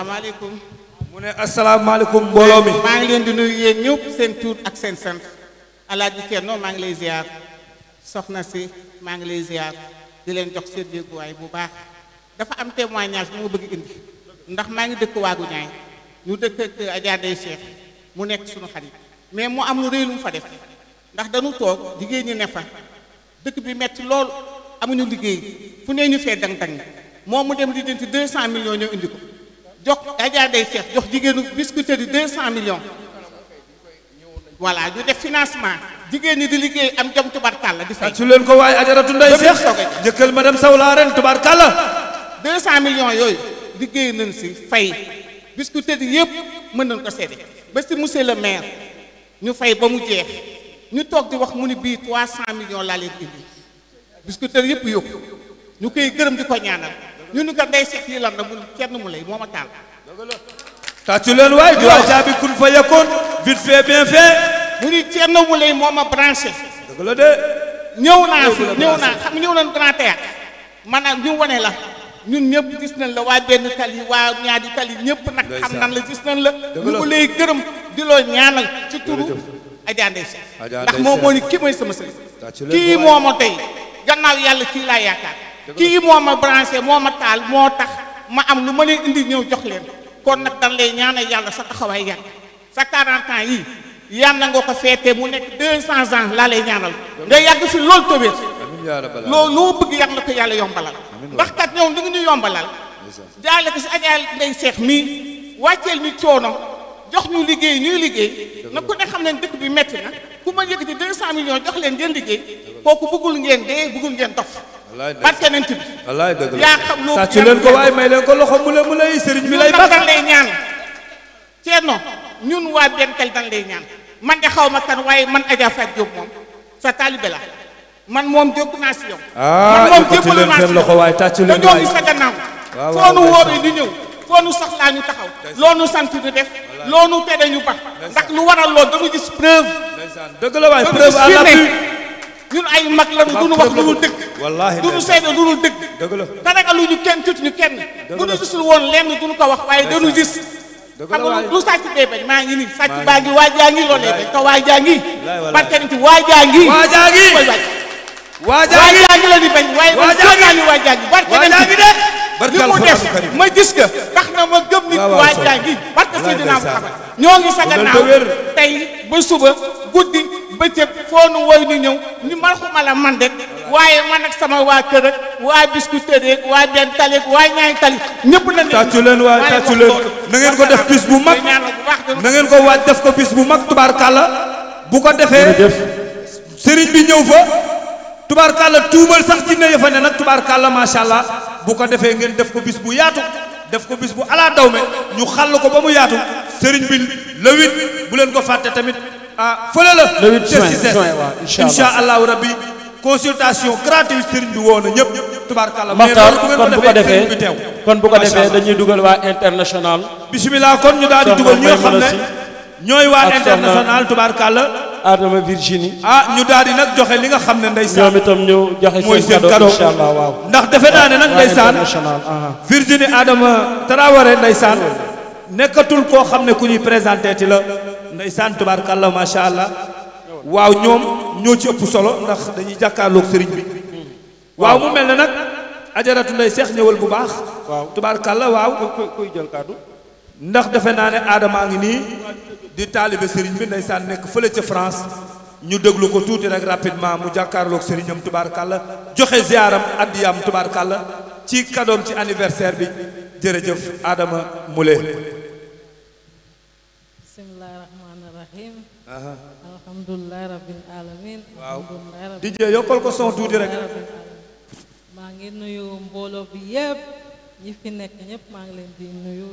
asalaamaaleykum. mu ne asalaamaaleykum mbooloo mi. maa ngi leen di nuyu yéen ñëpp seen tur ak seen sent sant alaaji Thierno maa ngi lay ziar soxna si maa ngi lay ziar di leen jox seen yëguwaay bu baax dafa am témoignage bu ma bëgg indi ndax maa ngi dëkk waagu ñaay ñu dëkk ak Adja Ndeye Cheikh mu nekk suñu xarit mais mu am lu rëy lu mu fa def ndax dañu toog jigéen ne fa dëkk bi metti lool amuñu liggéey fu nee ñu fee dang-dang moom mu dem lijjanti 200 millions ñoo indi ko jox Adja Ndeye Cheikh jox jigéenu Biscuiterie deux cent millions voilà ñu def financement jigéen ñi di liggéey am jom tubarkalla di fay. su leen ko waaye Ajaratu Ndeye Cheikh jëkkal madame Sow laa ren tubarkalla. deux cent millions yooyu liggéey nañ si fay Biscuiterie yëpp mën nañ ko seede ba si monsieur le maire ñu fay ba mu jeex ñu toog di wax mu ni bii trois cent millions laa leen indi Biscuiterie yëpp yóbbu ñu koy gërëm di ko ñaanal. ñu ni ko day seet yi lan la mu kenn mu lay moom a taal. tàccu leen waay di waay jaabi kun fa yekkoon vite fait bien mu ni kenn mu lay moom a branché. dëgg la de. ñëw naa fi ñëw naa xam ñëw nañ grand théâtre maanaam ñu wane la ñun ñëpp gis nañ la waa benn tali waa ñaari tali ñëpp nag xam nañ la gis nañ la. ñu ko lay gërëm di loo ñaanal ci turu. Adja Ndeye ndax moom moo ni kii mooy sama sëriñ. kii moo ma tey gannaaw yàlla kii laa yaakaar. kii moo ma branché moo ma taal moo tax ma am lu ma leen indi ñëw jox leen kon nag dan lay ñaanal yàlla sa taxawaay yàgg sa 40 yi yii yàlla nga ko feete mu nekk 200 ans laa lay ñaanal nga yàgg fi loolu tawéet loolu loo bëgg yàlla na ko yàlla yombalal ndax kat ñoom li ngi ñu yombalal jaale ko si ajaal ndey seex mii wàcceel ñu coono jox ñu liggéey ñuy liggéey na ku ne xam ne dëkk bi metti na ku ma yëkkati 200 millions jox leen ngeen liggéey kooku bëggul ngeen dee bëggul ngeen dof barke nañ bi wallaay la yaa xam loo tàccu leen ko waaye may leen ko loxo mu la mu lay sëriñ bi lay bakk lay ñaan Ceerno ñun waa Benkel dañ lay ñaan man de xaw ma kan waaye man Adja Fatou Diop moom sa taalibe la man moom jóg naa si yow. Ah, man moom jébbalu leen seen loxo waaye tàccu leen waay sa gannaaw. waaw waaw foo nu wóoree di ñëw foo nu soxlaa ñu taxaw. loo nu sant di def. loo nu tere ñu ba. ndax lu waral loolu dañu gis preuve. dëgg la waay preuve à l'appui ñun ay mag lañu duñu wax lu dul dëgg. wallaahi duñu seede lu dul dëgg. dëgg la te nag lu ñu kenn tituñu kenn. dëgg la bu ñu gisul woon lenn duñu ko wax waaye dañu gis. dëgg la sàcc bee bañ maa ngi nii sàcc baa ngi waajaa ngi loolee bañ te waajaa ngi. barke nit waajaa ngi. waajaa ngi la di bañ. waajaa ngi waaye waajaa ngi barke nit de. barke li mu def ma gis ka tax na ma gëm nit waajaa ngi barke si dinaa ko xamal ñoo ngi sa gannaaw tey ba suba guddi bëccëg foo nu woy nu ñëw ni marxuma la man rek waaye man ak sama waa kër ak waa Biscuiterie ak waa benn tali ak waa ñaari tali ñëpp na tàccu leen waaye tàccu leen na ko def bis bu mag na ngeen ko waaj def ko bis bu mag tubaarkàlla bu ko defee sëriñ bi ñëw fa tubaarkàlla tuubal sax ci ne fa ne nag tubaarkàlla macha bu ko defee ngeen def ko bis bu yaatu def ko bis bu alaa dawme ñu xàll ko ba mu yaatu sëriñ bi lewit bu leen ko fàtte tamit ah fële la ca Cissesse incha allahu rabbi consultation gratuite sëriñ bi woo na ñëpp tubaarkàlla Maxtaar kon bu ko defee kon dañuy dugal waa international bisimilah kon ñu daal di dugal ñi nga xam ne ñooy waa international tubaarkàlla Adama Virginie ah ñu daal di nag joxe li nga xam ne ndeysaan ñoom itam ñu joxe mooy seen cadeau incha allah waaw ndax defe naa ne nag ndeysaan Virginie Adama Traoré ndeysaan nekkatul koo xam ne ku ñuy présenté la ndeysaan tubaarkàlla macha allah waaw ñoom ñoo ci ëpp solo ndax dañuy jàkkaarlook sëriñ bi waaw mu mel ne nag ajaratu nday seex ñëwal bu baax tubaarkàlla waaw kuy jël kàddu ndax defe naa ne aadamaa ngi nii di taalibe sëriñ bi ndeysaan nekk fële ca France ñu déglu ko tuuti rek rapidement mu jàkkaarloog sëriñam tubaarkàlla joxe ziaram addiyam tubaarkàlla ci kadoom ci anniversaire bi jërëjëf Adama Moule alhamdulilah rabbil alamin waaw yokkal ko son tuuti rek maa ngi nuyu mbooloo bi yépp ñi fi nekk ñépp maa ngi leen di nuyu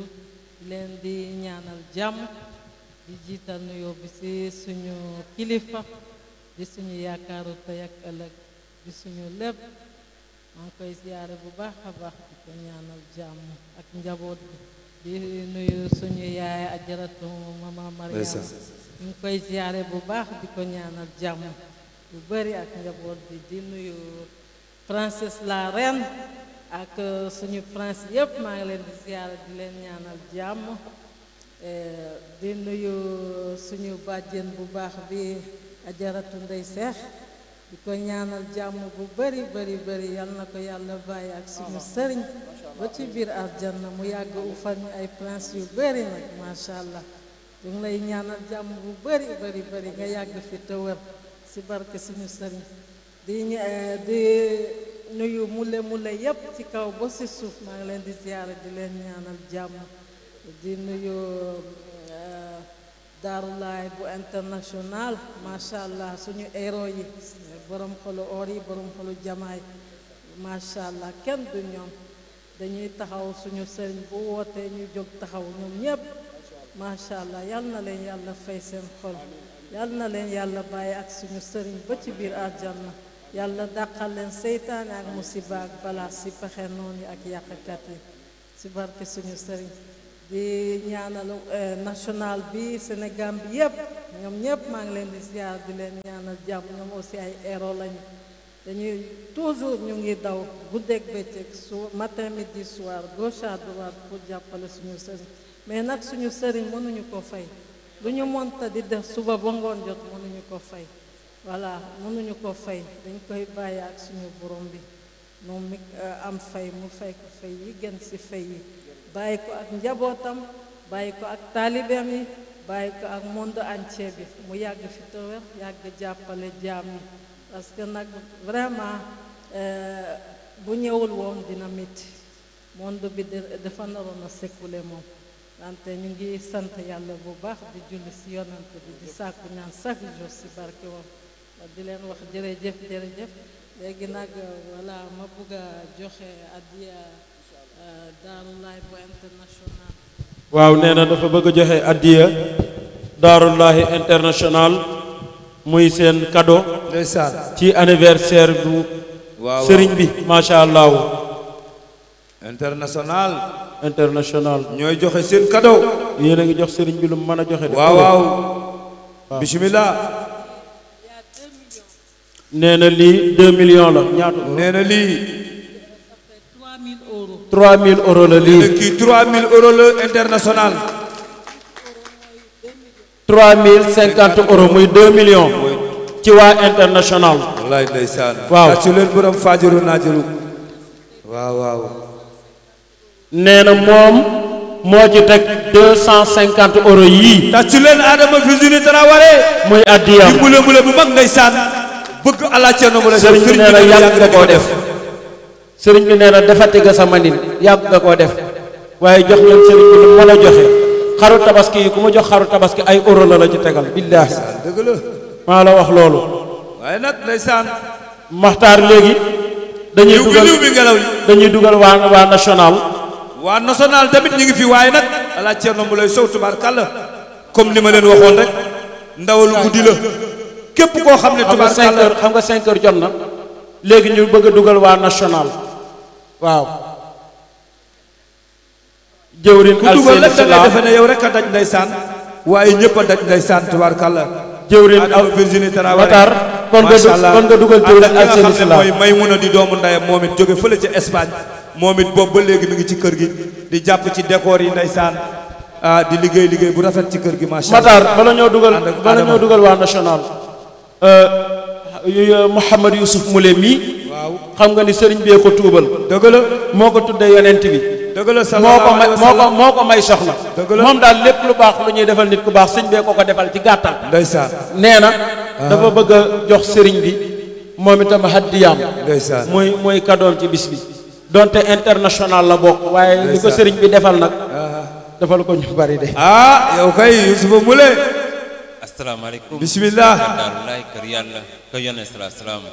leen di ñaanal jàmm di jiital nuyoo bi ci suñu kilifa di suñu yaakaaru tey ak ëllëg di suñu lépp maa ngi koy ziyaare bu baax a baax di ko ñaanal jàmm ak njaboot bi di nuyu suñu yaay ajaratu mama Mariama ñu koy ziare bu baax di ko ñaanal jàmm bu bari ak njaboot bi di nuyu princesse la reine ak euh, suñu prince yëpp maa ngi leen di ziare di leen ñaanal jàmm euh, di nuyu suñu bàjjen bu baax bi ajaratu ndey seex di ko ñaanal jàmm bu bari bari bari yal na ko yàlla bàyyi ak suñu sëriñ ba ci biir aljanna mu yàgg ufal ñu ay prince yu bari nag macha allah ñu ngi lay ñaanal jàmm bu bëri bëri bari nga yàgg fi te wér si barke suñu sëriñ di eh, di nuyu mule mule yépp ci kaw ba si suuf maa ngi leen di ziyaara di leen ñaanal jàmm di nuyu eh, daarulaay bu international macha allah suñu héro yi borom xolu or yi borom xolu jamaay macha allah kenn du ñoom dañuy taxaw suñu sëriñ bu wootee ñu jóg taxaw ñoom ñépp macha allah yal na leen yàlla fay seen xol yal na leen yàlla bàyyi ak suñu sëriñ ba ci biir aljanna yàlla dàqal leen seytaane ak musiba ak balaa si pexe noonu ak yàqkat yi si barke suñu sëriñ bi ñaanal eh, national bi Sénégal bi yépp ñoom ñépp maa ngi leen di ziar di leen ñaanal jàmm ñoom aussi ay héros lañu dañuy toujours ñu ngi daw guddeeg bëccëg su matin midi soir gauche à droite pour jàppale suñu sëriñ mais nag suñu sëriñ mënuñu ko fay lu ñu monta di def suba ba ngoon jot mënuñu ko fay voilà mënuñu ko fay dañ koy bàyyi ak suñu borom bi moom euh, am fay mu fay ko fay yi gën ci fay yi bàyyi ko ak njabootam bàyyi ko ak taalibeem yi bàyyi ko ak monde entier bi mu yàgg fi tawér yàgg jàppale jaam yi parce que nag vraiment euh, bu ñëwul woon dina métti monde bi dafa naroon a sécule moom wante ñu sant yàlla bu baax di julli si yonant bi di leen wax jërëjëf jërëjëf léegi nag voilà ma bëgg joxe addiya euh, waaw nee na dafa bëgg a joxe addiya Daaru Laay international muy seen cadeau ndeysaan ci anniversaire bu sëriñ bi macha allah international. ñooy joxe seen cadeau. yéen a ngi jox sëriñ bi lu mën a joxe. waaw waaw bisimilah. nee na lii 2 millions la ñaata. nee na lii. 3000 euros la lii. nee na kii 3000 euros la international. 3050 euros muy 2 millions. ci waa international. waaw waaw. nee na moom moo ci teg deux cent cinquante euros yii. tàccu leen Adama Virginie Traoré. muy addiyam di mbule mbule bu mag ndeysaan bëgg ala Thierno Moule. sëriñ bi nee na yàgg ga koo def sëriñ bi nee na defati nga sama yàgg nga koo def waaye jox leen sëriñ bi lu mën a joxe xaru tabaski yi ku ma jox xaru tabaski ay euro la la ci tegal. billaahi dëgg la maa la wax loolu. nag ndeysaan. Maxtaar léegi. dañuy dugal dañuy dugal waa waa national. waa national tamit ñu ngi fi waaye nag alaa Ceerno bu lay sow tubaarkàlla comme ni ma leen waxoon rek ndawalu guddi la képp koo xam ne tubaarkàlla xam nga 5 heures jot na léegi ñu bëgg a dugal waa national waaw jëwrin ku dugal nag da defe ne yow rek a daj saan waaye ñëpp a daj ndeysaan tubaarkàlla jëwrin ak Virginie Traoré kon nga dugal jëwrin ak seen islam mooy Maymuna di doomu ndeyam moom it jóge fële ci Espagne moom it boobu ba léegi mi ngi ci kër gi di jàpp ci décor yi ndeysaan ah di liggéey liggéey bu rafet ci kër gi macha allah Matar bala ñoo dugal bala ñoo dugal waa national euh, Mouhamad Youssouf Moulé mii waaw xam nga ni sëriñ bee ko tuubal dëgg moo ko tuddee yonent bi dëgg la moo ko may moo ko moo ko soxna moom daal lépp lu baax lu ñuy defal nit ku baax sëñ bee ko ko defal ci gàttal ndeysaan nee na ah. dafa bëgg a jox sëriñ bi moom itam haddiyaam ndeysaan mooy mooy kadoom ci bis bi donte international la bokk waaye li ko sëriñ bi defal nag ah. defal ko ñu bari de ah yow kay Yusufa Mule asalaamaaleykum bismillah kër yàlla kër yone sala salaam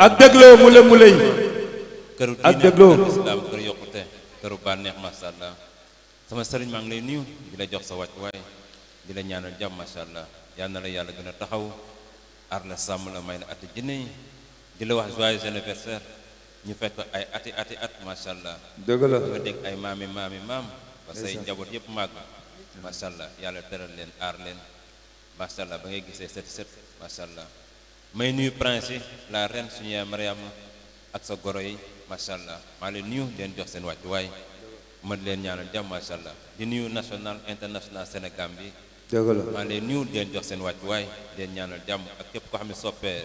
ak dégloo mule mule yi këru ak dégloo kër islaam kër yokkute këru bànneex allah sama sëriñ maa ngi lay nuyu la jox sa wàcc waaye di la ñaanal jàmm macha allah na la yàlla gën a taxaw aar la sàmm la may la at jinne yi di la wax joyeux anniversaire ñu fekk ay ati ati at macha allah. dëgg la nga dégg ay maami maami maam. parce que njaboot yëpp màgg. macha allah yàlla teral leen aar leen macha allah ba ngay gisee set set macha allah. may nuyu prince yi ren su suñu yaay Mariama ak sa goro yi macha allah maa leen nuyu leen jox seen waay mën leen ñaanal jàmm macha allah di nuyu international Sénégal bi. dëgg la maa leen nuyu leen jox seen wàccuwaay leen ñaanal jàmm ak képp koo xam ne soppee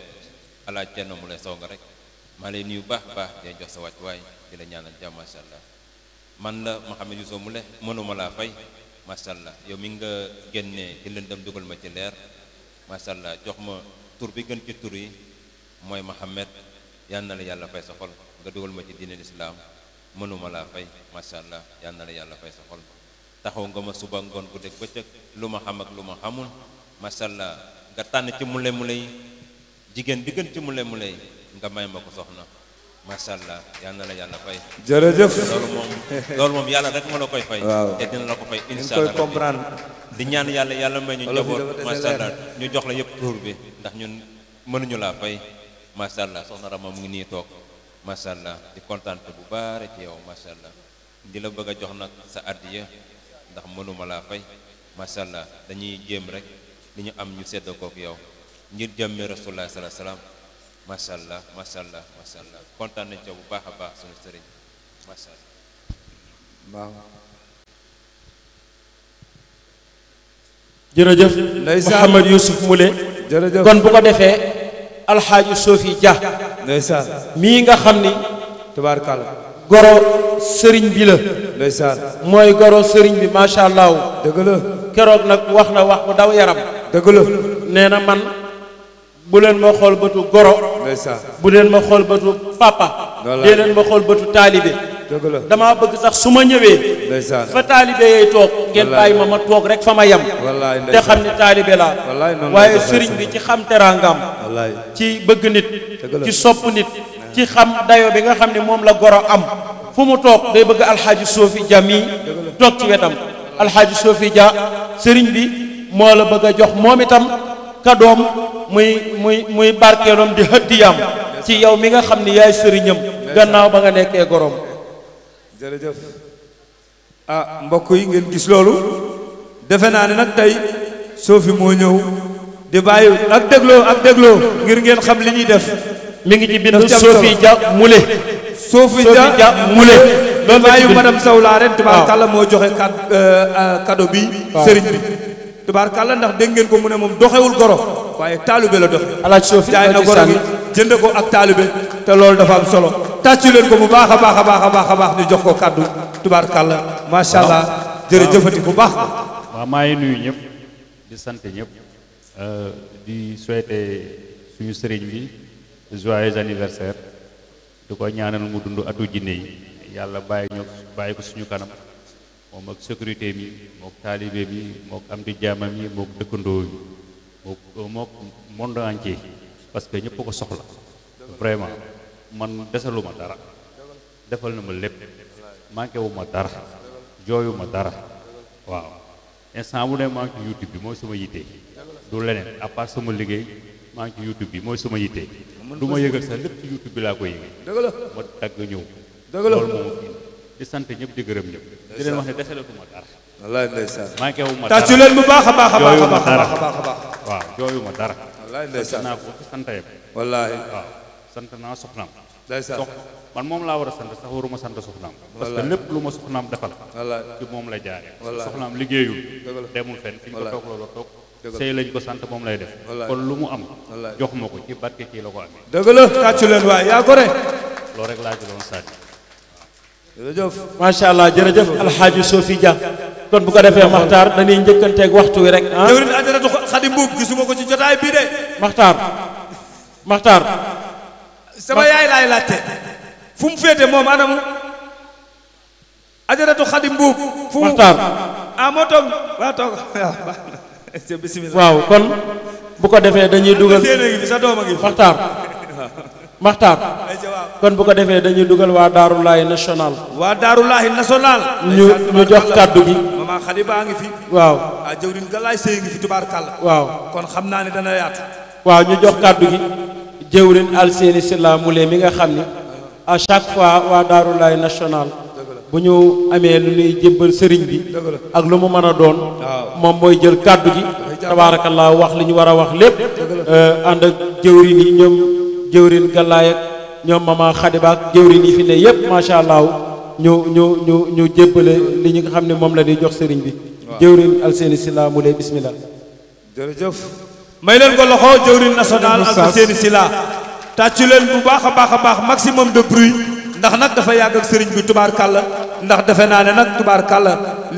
alaaj Thierno Moule Sow nga rek. maa lay nuyu baax baax dina jox sa wàcc waay di la ñaanal jàmm macha man la Mouhamed Youssou Moule mënuma laa fay macha allah yow mi nga génnee ci lëndëm dugal ma ci leer macha allah jox ma tur bi gën ci tur yi mooy Mouhamed yal na la yàlla fay sa xol nga dugal ma ci diine lislaam mënuma laa fay macha allah yal na la yàlla fay sa xol taxaw nga ma suba ngoon bu dégg bëccëg lu ma xam ak lu ma xamul macha allah nga tànn ci mule mule yi jigéen bi gën ci mule nga may ma ko soxna macha allah la yàlla fay. loolu moom loolu moom yàlla rek moo la koy fay. te dina la ko fay incha di ñaan yàlla yàlla may ñu njaboot macha ñu jox la yëpp tur bi ndax ñun mënuñu laa fay macha allah soxna Rama mu ngi nii toog macha allah di kontaan bu baare ci yow macha allah di la bëgg a jox nag sa addiya ndax mënuma laa fay macha allah dañuy jéem rek li ñu am ñu séddoo kook yow ngir jàmmi rasulullah sallallahu macha allah macha allah macha allah kontaan nañ ca bu a baax sunu kon bu ko defee. alxaaji Sofi Dia. ndeysaan mii nga xam ni. tubaarkàlla. goro sëriñ bi la. mooy goro sëriñ bi macha allah. dëgg keroog nag wax na wax bu daw yaram. dëgg nee na man. bu leen ma xool bëtu goro bu leen ma xool bëtu papa dee leen ma xool bëtu taalibe damaa bëgg sax su ma ñëwee fa taalibe yay toog ngeen bàyyi ma ma toog rek fa ma yem te xam ni taalibe laa waaye sëriñ bi ci xam teraangam ci bëgg nit ci sopp nit ci xam dayo bi nga xam ne moom la goro am fu mu toog day bëgg alxaaji soofi ja mii toog ci wetam alxaaji soofi ja sëriñ bi moo la bëgg a jox moom itam kadoom muy muy muy barkeeloom di hëddiyam ci yow mi nga xam ni yaay sëriñam gannaaw ba nga nekkee gorom jërëjëf ah mbokk yi ngeen gis loolu defe naa ne nag tey Sofi moo ñëw di bàyyi ak dégloo ak dégloo ngir ngeen xam li ñuy def mi ngi nag ci bind Sofi Dia Moule Sofi Dia Moule loolu bàyyi madame Sow laa ren tubaab kàlla moo joxe kado euh, euh, bi sëriñ bi tubaar tubaarkàlla ndax dégg ngeen ko mu ne moom doxewul goro waaye taalibe la doxe alaaj soofi jaay na goro gi jënd ko ak taalibe te loolu dafa am solo tàccu leen ko bu baax a baax a baax a baax baax ñu jox ko kàddu tubaarkàlla macha allah jërëjëfati bu baax waaw maa ngi nuyu ñëpp di sant ñëpp euh, di souhaiter suñu sëriñ bi joyeux anniversaire di ko ñaanal mu dund atu jinne yi yàlla bàyyi ñu bàyyi ko suñu kanam moom ak sécurité mi mook taalibe mi mook am di jaamam yi mook dëkkandoo yi euh, mook monde entier parce que ñëpp ko soxla vraiment man desalu ma dara defal na ma lépp manqué wu ma dara jooyu dara waaw instant bu ne maa ngi ci YouTube bi mooy sama yitte du leneen à sama liggéey maa ngi ci YouTube bi mooy sama yitte du ma yëgal sax lépp YouTube bi laa ko yëgee ma dagg ñëw loolu moom di sant ñëpp di gërëm ñëpp. di leen wax ne desalatuma dara. wallaay ndeysaan manqué wu ma dara tàccu leen baax a baax a baax a a baax waaw ma dara. wallaay ndeysaan sant sant yëpp. wallaay waaw sant naa soxnaam. ndeysaan sox man moom war a sant sax waruma sant soxnaam. parce que lépp lu ma soxnaam defal. wallaay ci moom la jaaree. wallaay soxnaam liggéeyul. demul fenn fi ñu ko toog loola ko sant moom lay def kon lu mu am jox ma ko ci barke kii la ko amee dëgg la waaye yaa ko re loolu rek laa jëloon sànni jërëjëf macha allah jërëjëf alxaaji Sofi Dia kon bu ko defee maxtaar dañuy njëkkanteeg waxtu wi rek ah. jëwrin ajaratu xadi mbuub gisuma ko maxtaar sama yaay laay laajte fu mu féete moom anamu ajaratu xadi mbuub maxtaar ah, waaw kon bu ko defee dañuy dugal a maxtaar maxtaar kon bu ko defee dañuy dugal waa daarulaahi national waa daarulaahi national ñu ñu jox kàddu gi mama xadi baa ngi fi waaw ah jëwriñ waaw kon xam naa ne dana yaat waaw ñu jox kàddu gi jëwriñ alseeni silla mi nga xam ni a chaque fois waa daarulaahi national bu ñu amee lu ñuy jébbal sëriñ bi ak lu mu mën a doon moom mooy jël kàddu gi tabaarakallaa wax li ñu war a wax lépp euh, ànd ak jëwriñ yi ñoom jëwrin gàllaay ak ñoom mama xadiba ak jëwrin yi fi ne yëpp macha allah ñu ñu ñu ñu jébbale li ñu nga xam ne moom la di jox sëriñ bi jëwrin alseeni sila mu lay bismillah jërëjëf may leen ko loxo jëwrin national alseeni sila tàccu leen bu baax a baax a baax maximum de bruit ndax nag dafa yàgg ak sëriñ bi tubaar kàlla ndax defe naa ne nag tubaar kàlla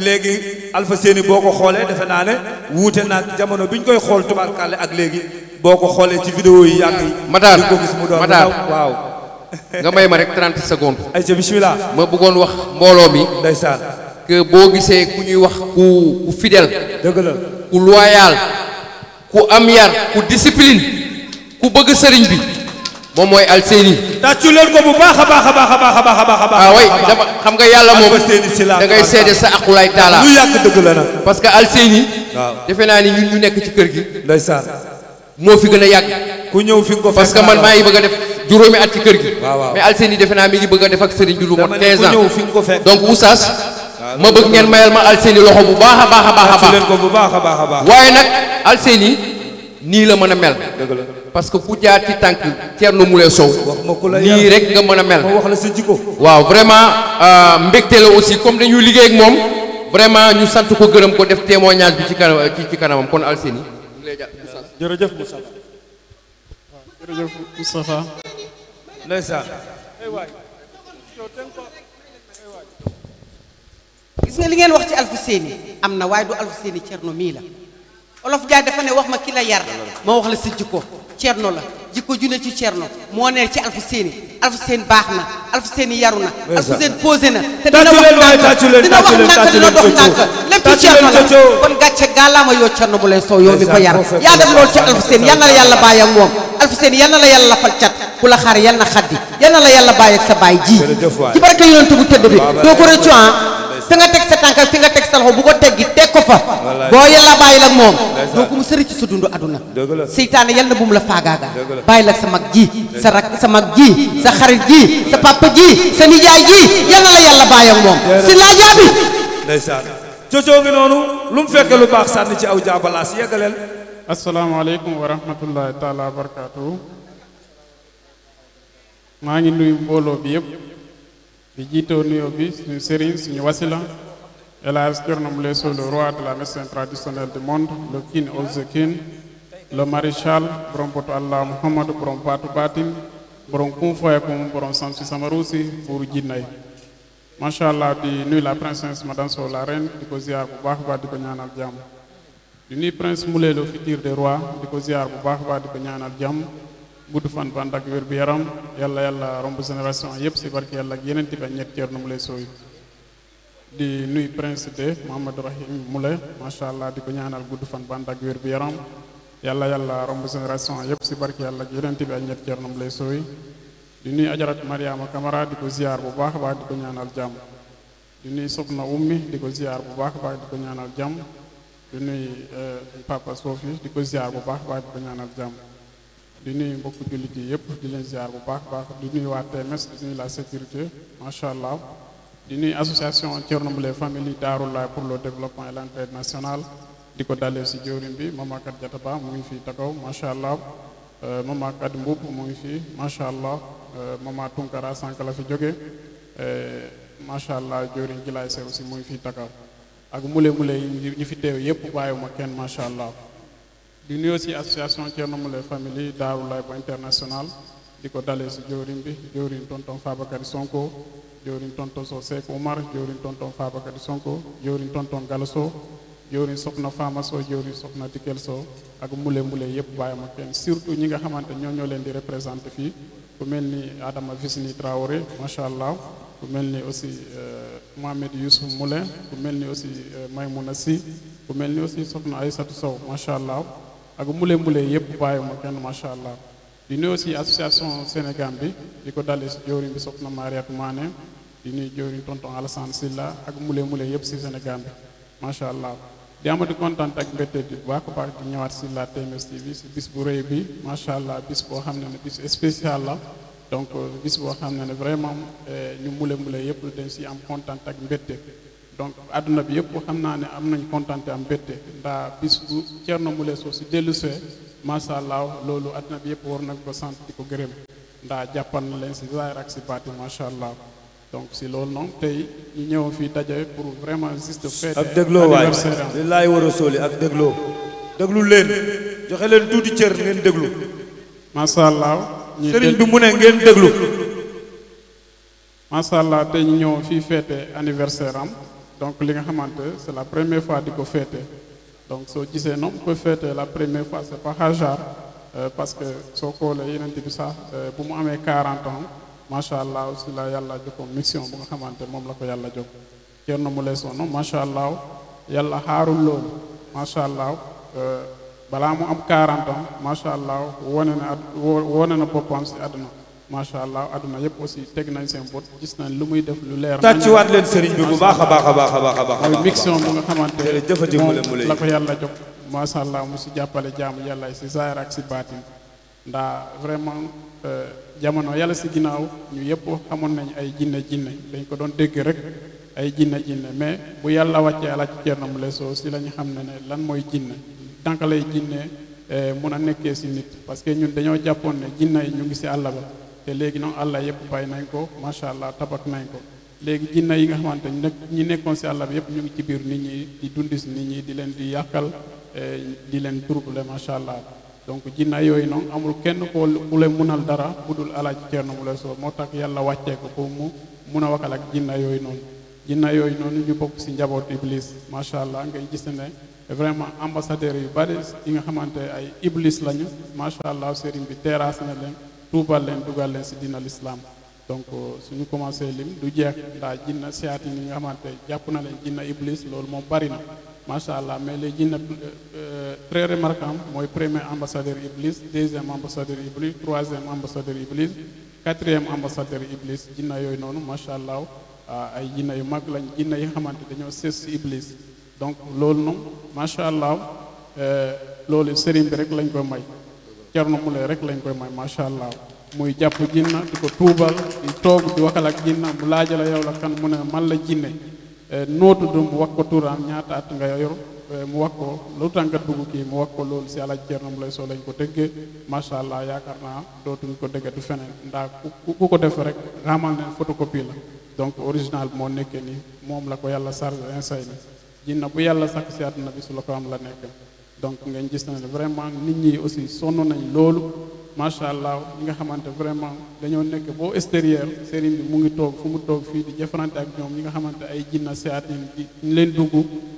léegi alfa seeni boo ko xoolee defe naa ne wuute naag jamono bi ñu koy xool tubaar kàlla ak léegi boo ko xoolee ci vidéo yi yàgg yi. Matar ko gis mu doon Matar waaw. nga may ma rek 30 secondes. ayca bismillah. ma bëggoon wax mbooloo mi. ndeysaan. que boo gisee ku ñuy wax ku ku fidèle. dëgg ku loyal. ku am yar ku discipline. ku bëgg sëriñ bi. moom mooy Alseyni. tàccu leen ko bu baax a baax a baax a baax a baax a baax. ah oui dama xam nga yàlla moom da ngay seede sa aqulay taala. lu yàq dëgg la nag. parce que Alseyni. waaw defe naa ni ñun ñu nekk ci kër gi. ndeysaan. moo fi gën a yàgg. ku ñëw fi ko parce que man maa ngi bëgg a def juróomi at ci kër gi. mais Alseyni defe naa mi ngi bëgg a def ak Serigne bi lu mot ans donc Oustaz ma bëgg ngeen mayal ma Alseyni loxo bu baax a baax a baax a baax. waaye nag Alseyni nii la mën a mel. parce que ku jaar ci tànk Thierno Moule Sow. nii rek nga mën a mel. wax la sa jikko. waaw vraiment euh, mbégte la aussi comme dañuy liggéey ak moom vraiment ñu sant ko gërëm ko def témoignage bi ci kanam ci kanamam kon Alseyni. jërëjëf Moustapha waaw jërëjëf Moustapha gis nga li ngeen wax ci Alfousseyni am na waaye du Alfousseyni Cerno mii la olof Jaay dafa ne wax ma ki la yar ma wax la si jikko Cerno la jikko ju ne ci Cerno moo ne ci Alfousseyni Alfousseyni baax na Alfousseyni yaru na. Alfousseyni posé na. te dina wax nànk dina wax nànk dina dox nànk lépp ceerno la kon gàcce gàllaama yoo ceerno bu lay soow yow ko yar yaa def loolu ci Alfousseyni yal na la yàlla bàyyi ak moom Alfousseyni yal na la yàlla lafal cat ku la xaar yal na xaddi yal na la yàlla bàyyi ak sa baay ci barke yonent bu tëdd bi doo ko rëccu ah. fi nga teg sa tànk fi nga teg sa loxo bu ko teggi teg ko fa boo yàlla bàyyi la moom doo ko mu sëri ci sa dund aduna seytaane yal na bu mu la faagaaga bàyyi la sa mag ji sa rak sa mag ji sa xarit ji sa papa ji sa nijaay ji yal na la yàlla bàyyi ak moom si laajaa bi ndeysaan ngi noonu lu mu fekke lu baax sànni ci aw jaabalaas yeggaleel asalaamaaleykum wa rahmatullahi taala barakaatu maa ngi nuyu mbooloo bi yëpp di jiitoo nuyoo bi suñu sëriñ suñu wasila El Hadj Thierno Moule Sow roi de la médecine traditionnelle du monde le king of the le maréchal borom botu allah muhammadu borom baatu baatin borom kum fayakum borom samsi samarusi pour jinnay macha allah di nuyu la princesse madame Sow la reine di ko ziar bu baax baax di ko ñaanal jàmm di nuyu prince Moule le futur des rois di ko ziar bu baax baax di ko ñaanal jàmm gudd fan bu ànd ak wér bu yaram yàlla yàlla romb génération yëpp si barke yàlla ak yeneen tibi ak ñett ceer na mu lay sooy di nuy prince de Mouhamadou Rahim Moulay macha allah di ko ñaanal gudd fan bu ànd ak wér yaram yàlla yàlla romb génération yëpp si barke yàlla ak yeneen tibi ak ñett mu lay sooyu di nuy ajarat Mariama Camara di ko ziar bu baax a baax di ko ñaanal jàmm di nuy soxna ummi di ko ziar bu baax a baax di ko ñaanal jàmm di nuy eh, papa di ko bu baax a baax di ko ñaanal jàmm di nuyu mbokku jullit yi yëpp di leen ziar bu baax baax di nuyu waa TMS di nuyu la sécurité macha allah di nuy association na Thierno Moule Famille Daarulaay pour le développement et l'entraide nationale di ko dalee si jëwriñ bi Mamakat Jataba mu ngi fii Takaw macha allah Mamakat Mbuub mu ngi fi macha allah euh, Mama euh, Tunkara sànq la fi jóge euh, macha allah jëwriñ Jilaay Sew si mu ngi fii Takaw ak mule mule yi ñu fi teew yëpp bàyyiwuma kenn macha allah. di nuyu si association Thierno Moule Family Daaru Laay bu international di ko dalee si jëwriñ bi jëwriñ tonton Fabakary Sonko jëwriñ tonton so Seck Oumar jëwriñ tonton Fabakary Sonko jëwriñ na Galasso jëwriñ soxna Fama Sow jëwriñ soxna Tikel Sow ak Moule mbule yëpp bàyyi ma kenn surtout ñi nga xamante ñoo ñoo leen di représenté fii ku mel ni Adama Visni Traoré macha allah ku mel ni aussi euh, Mohamed Youssouf Moule ku mel ni aussi euh, Maymouna si ku mel ni aussi soxna Aïssatou Sow macha allah ak mbule mbule yëpp bàyyi ma kenn macha allah di nuyu aussi association Sénégal bi di ko dalee si jëwriñ bi soxna Mariette Mané di nuyu jëwriñ tonton Alassane Silla ak mbule mbule yëpp si Sénégal bi macha allah di amati kontaan ak mbette di baax a baax di ñëwaat si la TMS bi si bis bu rëy bi macha allah bis boo xam ne bis spécial la donc euh, bis boo xam ne ne vraiment eh, ñu mbule mbule yëpp dañ si am kontaan ak mbette donc àdduna bi yëpp xam naa ne am nañ kontante am bétte ndaa bis bu Thierno Moule soo si dellu see macha allah loolu àdduna bi yëpp war nag ko sant di ko gërëm ndaa jàppal na leen si zaahir ak si baati macha allah donc si loolu noonu tey ñëw fii daje pour vraiment juste ak dégloo waay laay war a sóoli ak dégloo déglu leen joxe leen tuuti cër ngeen déglu macha allah bi mu ne ngeen déglu macha allah tey ñu ñëw fii fête anniversaire am donc li nga xamante c' la première fois di ko féete donc soo gisee noonu ko féete la première fois c' est pas hasard euh, parce que soo xoolee yeneen bi sax euh, bu mu amee 40 ans macha allah si la yàlla joxoon mission bu nga xamante moom la ko yàlla jox Thierno Moule Sono macha allah yàlla xaarul loolu macha allah euh, balaa mu am 40 ans macha allah wone na woo wone na boppam si àdduna. macha allah adduna yëpp aussi teg nañ seen bot gis nañ lu muy def lu leer. tàccuwaat leen sëriñ bi baax a baax a baax a a baax. mooy mission bu nga xamante ne moom la ko yàlla allah mu si jàppale jaamu yàlla si zaahir ak si baatin ndaa vraiment euh, jamono yàlla si ginnaaw ñu yëpp amoon nañ ay jinne jinne dañ ko doon dégg rek ay jinne jinne mais bu yàlla wàccee ala ci na Moule Sow si la ñu xam ne ne lan mooy jinne tànk lay jinne euh, mun a nekkee si nit parce que ñun dañoo jàppoon ne jinne yi ñu ngi si àll ba. te léegi nag àlla yëpp bàyyi nañ ko macha allah tabak nañ ko léegi jinne yi nga xamante ne ñi nekkoon si àll bi yëpp ñu ngi ci biir nit ñi di dundis nit ñi di leen di yàqal eh, di leen trouble macha allah donc jinne yooyu noonu amul kenn ko ku leen munal dara bu dul alaaji Ceerno Moule Sow moo tax yàlla wàccee ko pour mu mun a wakal ak jinne yooyu noonu jinne yooyu noonu ñu bokk si njaboot iblis macha allah ngay gis ne vraiment ambassadeurs yu bari yi nga xamante ay iblis lañu macha allah sëriñ bi terrasse na leen tuubal leen dugal leen si dina lislaam donc euh, suñu commencé lim du jeex ndax jinna siyaat yi nga xamante jàpp na leen jinna iblis loolu moom bari na macha allah mais les jinna euh, très remarquable mooy premier ambassadeur iblis deuxième ambassadeur iblis troisième ambassadeur iblis quatrième ambassadeur iblis jinna yooyu noonu macha allah euh, ay jinna yu mag lañ jinna yi xamante dañoo sës si iblis donc loolu noonu macha allah loolu sëriñ bi rek lañ ko may Cerno Mulay rek lañ koy may macha allah muy jàpp jinna di ko tuubal di toog di waxal ak jinna mu laajala yow la kan mu ne man la jinne eh, noo tudd mu wax ko turam ñaata at nga yor eh, mu wax ko lu tàngat dugg kii mu wax ko loolu si alaaj Cerno Mulay soo lañ ko tëggee macha allah yaakaar naa dootuñ ko dëggatu feneen ndaa ku ku ko def rek xamal ne photocopie la donc original moo nekkee nii moom la ko yàlla chargé insay ni jinna bu yàlla sàkk si na bi su la ko am la nekk donc ngeen gis na ne vraiment nit ñi aussi sonn nañu loolu macha allah ñi nga xamante vraiment dañoo nekk boo extérieur sëriñ bi mu ngi toog fu mu toog fii di jëflante ak ñoom ñi nga xamante ay jinna seyaatin di leen dugg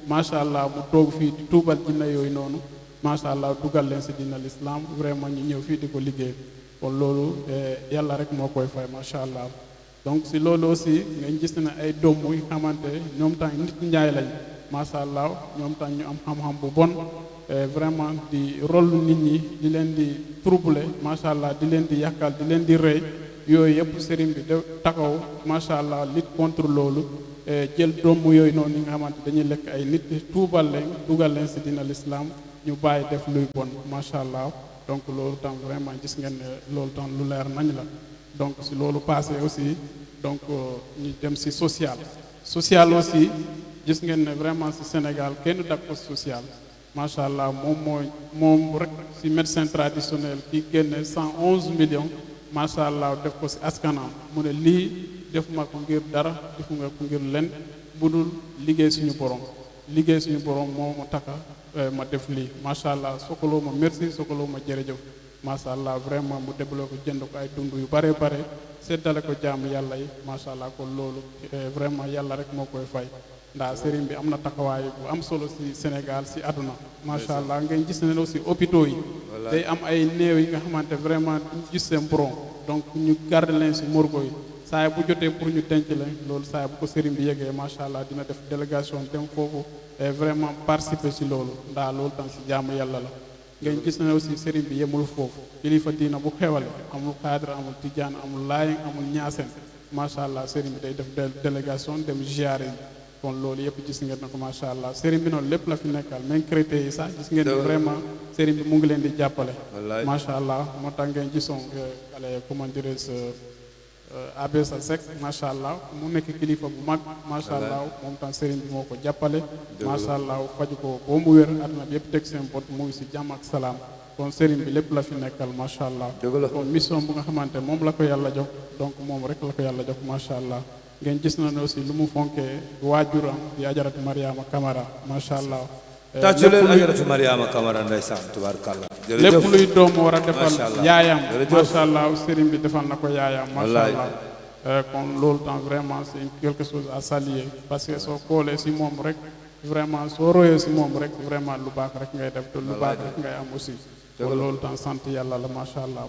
macha allah mu toog fii di tuubal jinna yooyu noonu macha allah dugal leen si dina lislaam vraiment ñu ñëw fii di ko liggéey kon loolu eh, yàlla rek moo koy fay macha allah donc si loolu aussi ngeen gis na ay doom yi xamante ñoom tam nit ñaay macha allah ñoom tam ñu am xam Euh, vraiment di rôle nit ñi di leen di troubler macha allah di leen di yàqal di leen di rëy yooyu yëpp sëriñ bi de taxaw macha allah lutte contre loolu euh, jël doomu yooyu noonu nga xamante dañuy lekk ay nit tuubal leen dugal leen si dina lislaam ñu bàyyi def luy bon macha allah donc loolu tam vraiment gis ngeen ne loolu tam lu leer nañ la donc si loolu passé aussi donc euh, ñu dem si social social aussi gis ngeen ne vraiment si Sénégal kenn dak ko social macha allah moom moo moom rek si médecin traditionnel ki génne cent onze millions macha allah def ko si askanam mu ne lii defuma ko ngir dara defu nga ko ngir len bu dul liggéey suñu borom liggéey suñu borom moo ma taka eh, ma def lii macha allah sokaloo ma merci sokaloo ma jërëjëf macha allah vraiment mu développé ko jënd ko ay dund yu bare bare seddale ko jaamu yàlla yi macha allah ko loolu eh, vraiment yàlla rek moo koy fay ndax sëriñ bi am na taxawaay bu am solo si Sénégal si àdduna macha allah ngeen gis ne aussi hôpitaux yi day am ay néew yi nga xamante vraiment gis seen borom donc ñu garde leen si morgo yi saay bu jotee pour ñu denc leen loolu saay bu ko sëriñ bi yegee macha allah dina def délégation dem foofu et vraiment participer si loolu ndax tam si jaamu yàlla la ngeen gis ne aussi sëriñ bi yemul foofu kilifa diina bu xewale amul xaadir amul tijaan amul laayin amul ñaaseen macha allah sëriñ bi day def délégation dem ziyaare yi kon loolu yëpp gis ngeen na ko macha allah sëriñ bi noonu lépp la fi nekkal même chrétien yi sax gis ngeen ne vraiment sëriñ bi mu ngi leen di jàppale. macha allah moo tax ngeen gisoon euh, allez comment dirais-je euh, euh, Abbé Seck macha allah mu nekk kilifa bu mag. macha allah moom tam sëriñ bi moo ko jàppale. macha allah faj ko boo mu wér àdduna bi yëpp teg seen bot mu si jàmm ak salaam. kon sëriñ bi lépp la fi nekkal macha allah. kon mission bu nga xamante moom la yàlla jox donc moom rek la yàlla jox macha allah. ngeen gis ne aussi lu mu fonkee waajuram di ajaratu Mariama Kamara macha allah. Eh, tàccu leen ajaratu Mariama Kamara ndeysaan tubaarkàlla. jërëjëf lépp luy doom war a defal yaayam macha allah sëriñ bi defal na ko yaayam. macha allah eh, kon loolu tam vraiment c' est quelque chose à saluer parce que soo xoolee si moom rek vraiment soo royee si moom rek vraiment lu baax rek ngay def te lu baax rek ngay am aussi. kon loolu tam sant yàlla la macha allah.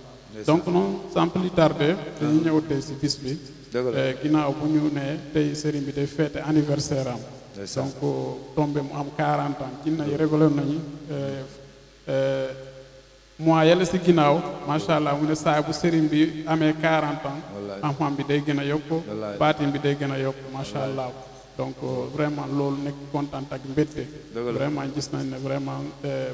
donc non sans plus tarder dañu ñëw si bis bi. Eh, ginnaaw bu ñu nee tey sëriñ bi day fête anniversaire am donc tombé mu am quarante ans jinne yi régler nañu eh, eh, mois yàlla si ginnaaw macha allah mu ne saa bu sëriñ bi amee 40 ans am-am bi day gën a yokku baatin bi day gën a yokku macha allah donc vraiment loolu nekk kontaan ak mbégte vraiment gis nañ ne vraiment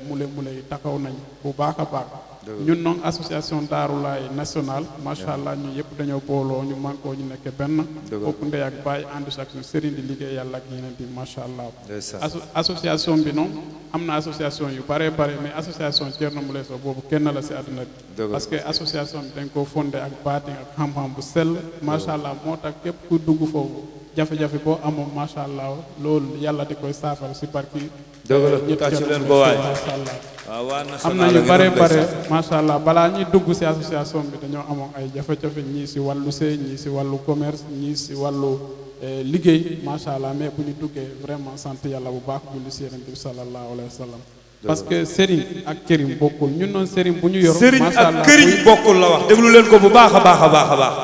mule mule yi taxaw nañ bu baax a ñun noonu association Daaru Laay nationale macha allah ñu yëpp dañoo booloo ñu mànkoo ñu nekk benn bokk ndey ak bàyyi ànd chaque jour sëriñ di liggéey yàlla ak yeneen bi macha allah association bi noonu am na association yu bare bare mais association Thierno Moule Sow boobu kenn la si àdduna bi parce que association bi dañ ko fondé ak baatin ak xam-xam bu sell macha allah moo tax képp ku dugg foofu jafe-jafe boo amoon macha allah loolu yàlla di koy saafara si barki dëgg la ñu tàcc leen ko waay am na yu bare bare macha allah balaa ñuy dugg si association bi dañoo amoon ay jafe-jafe ñii si wàllu sëy ñii si wàllu commerce ñii si wàllu eh, liggéey macha allah mais bu ñu duggee vraiment sant yàlla bu baax julli si yonent bi sallallahu alayhi wa sallam parce que Serigne ak kërim bokkul ñun noonu Serigne bu ñu yor. macha allah Serigne leen ko bu baax a baax a baax a baax.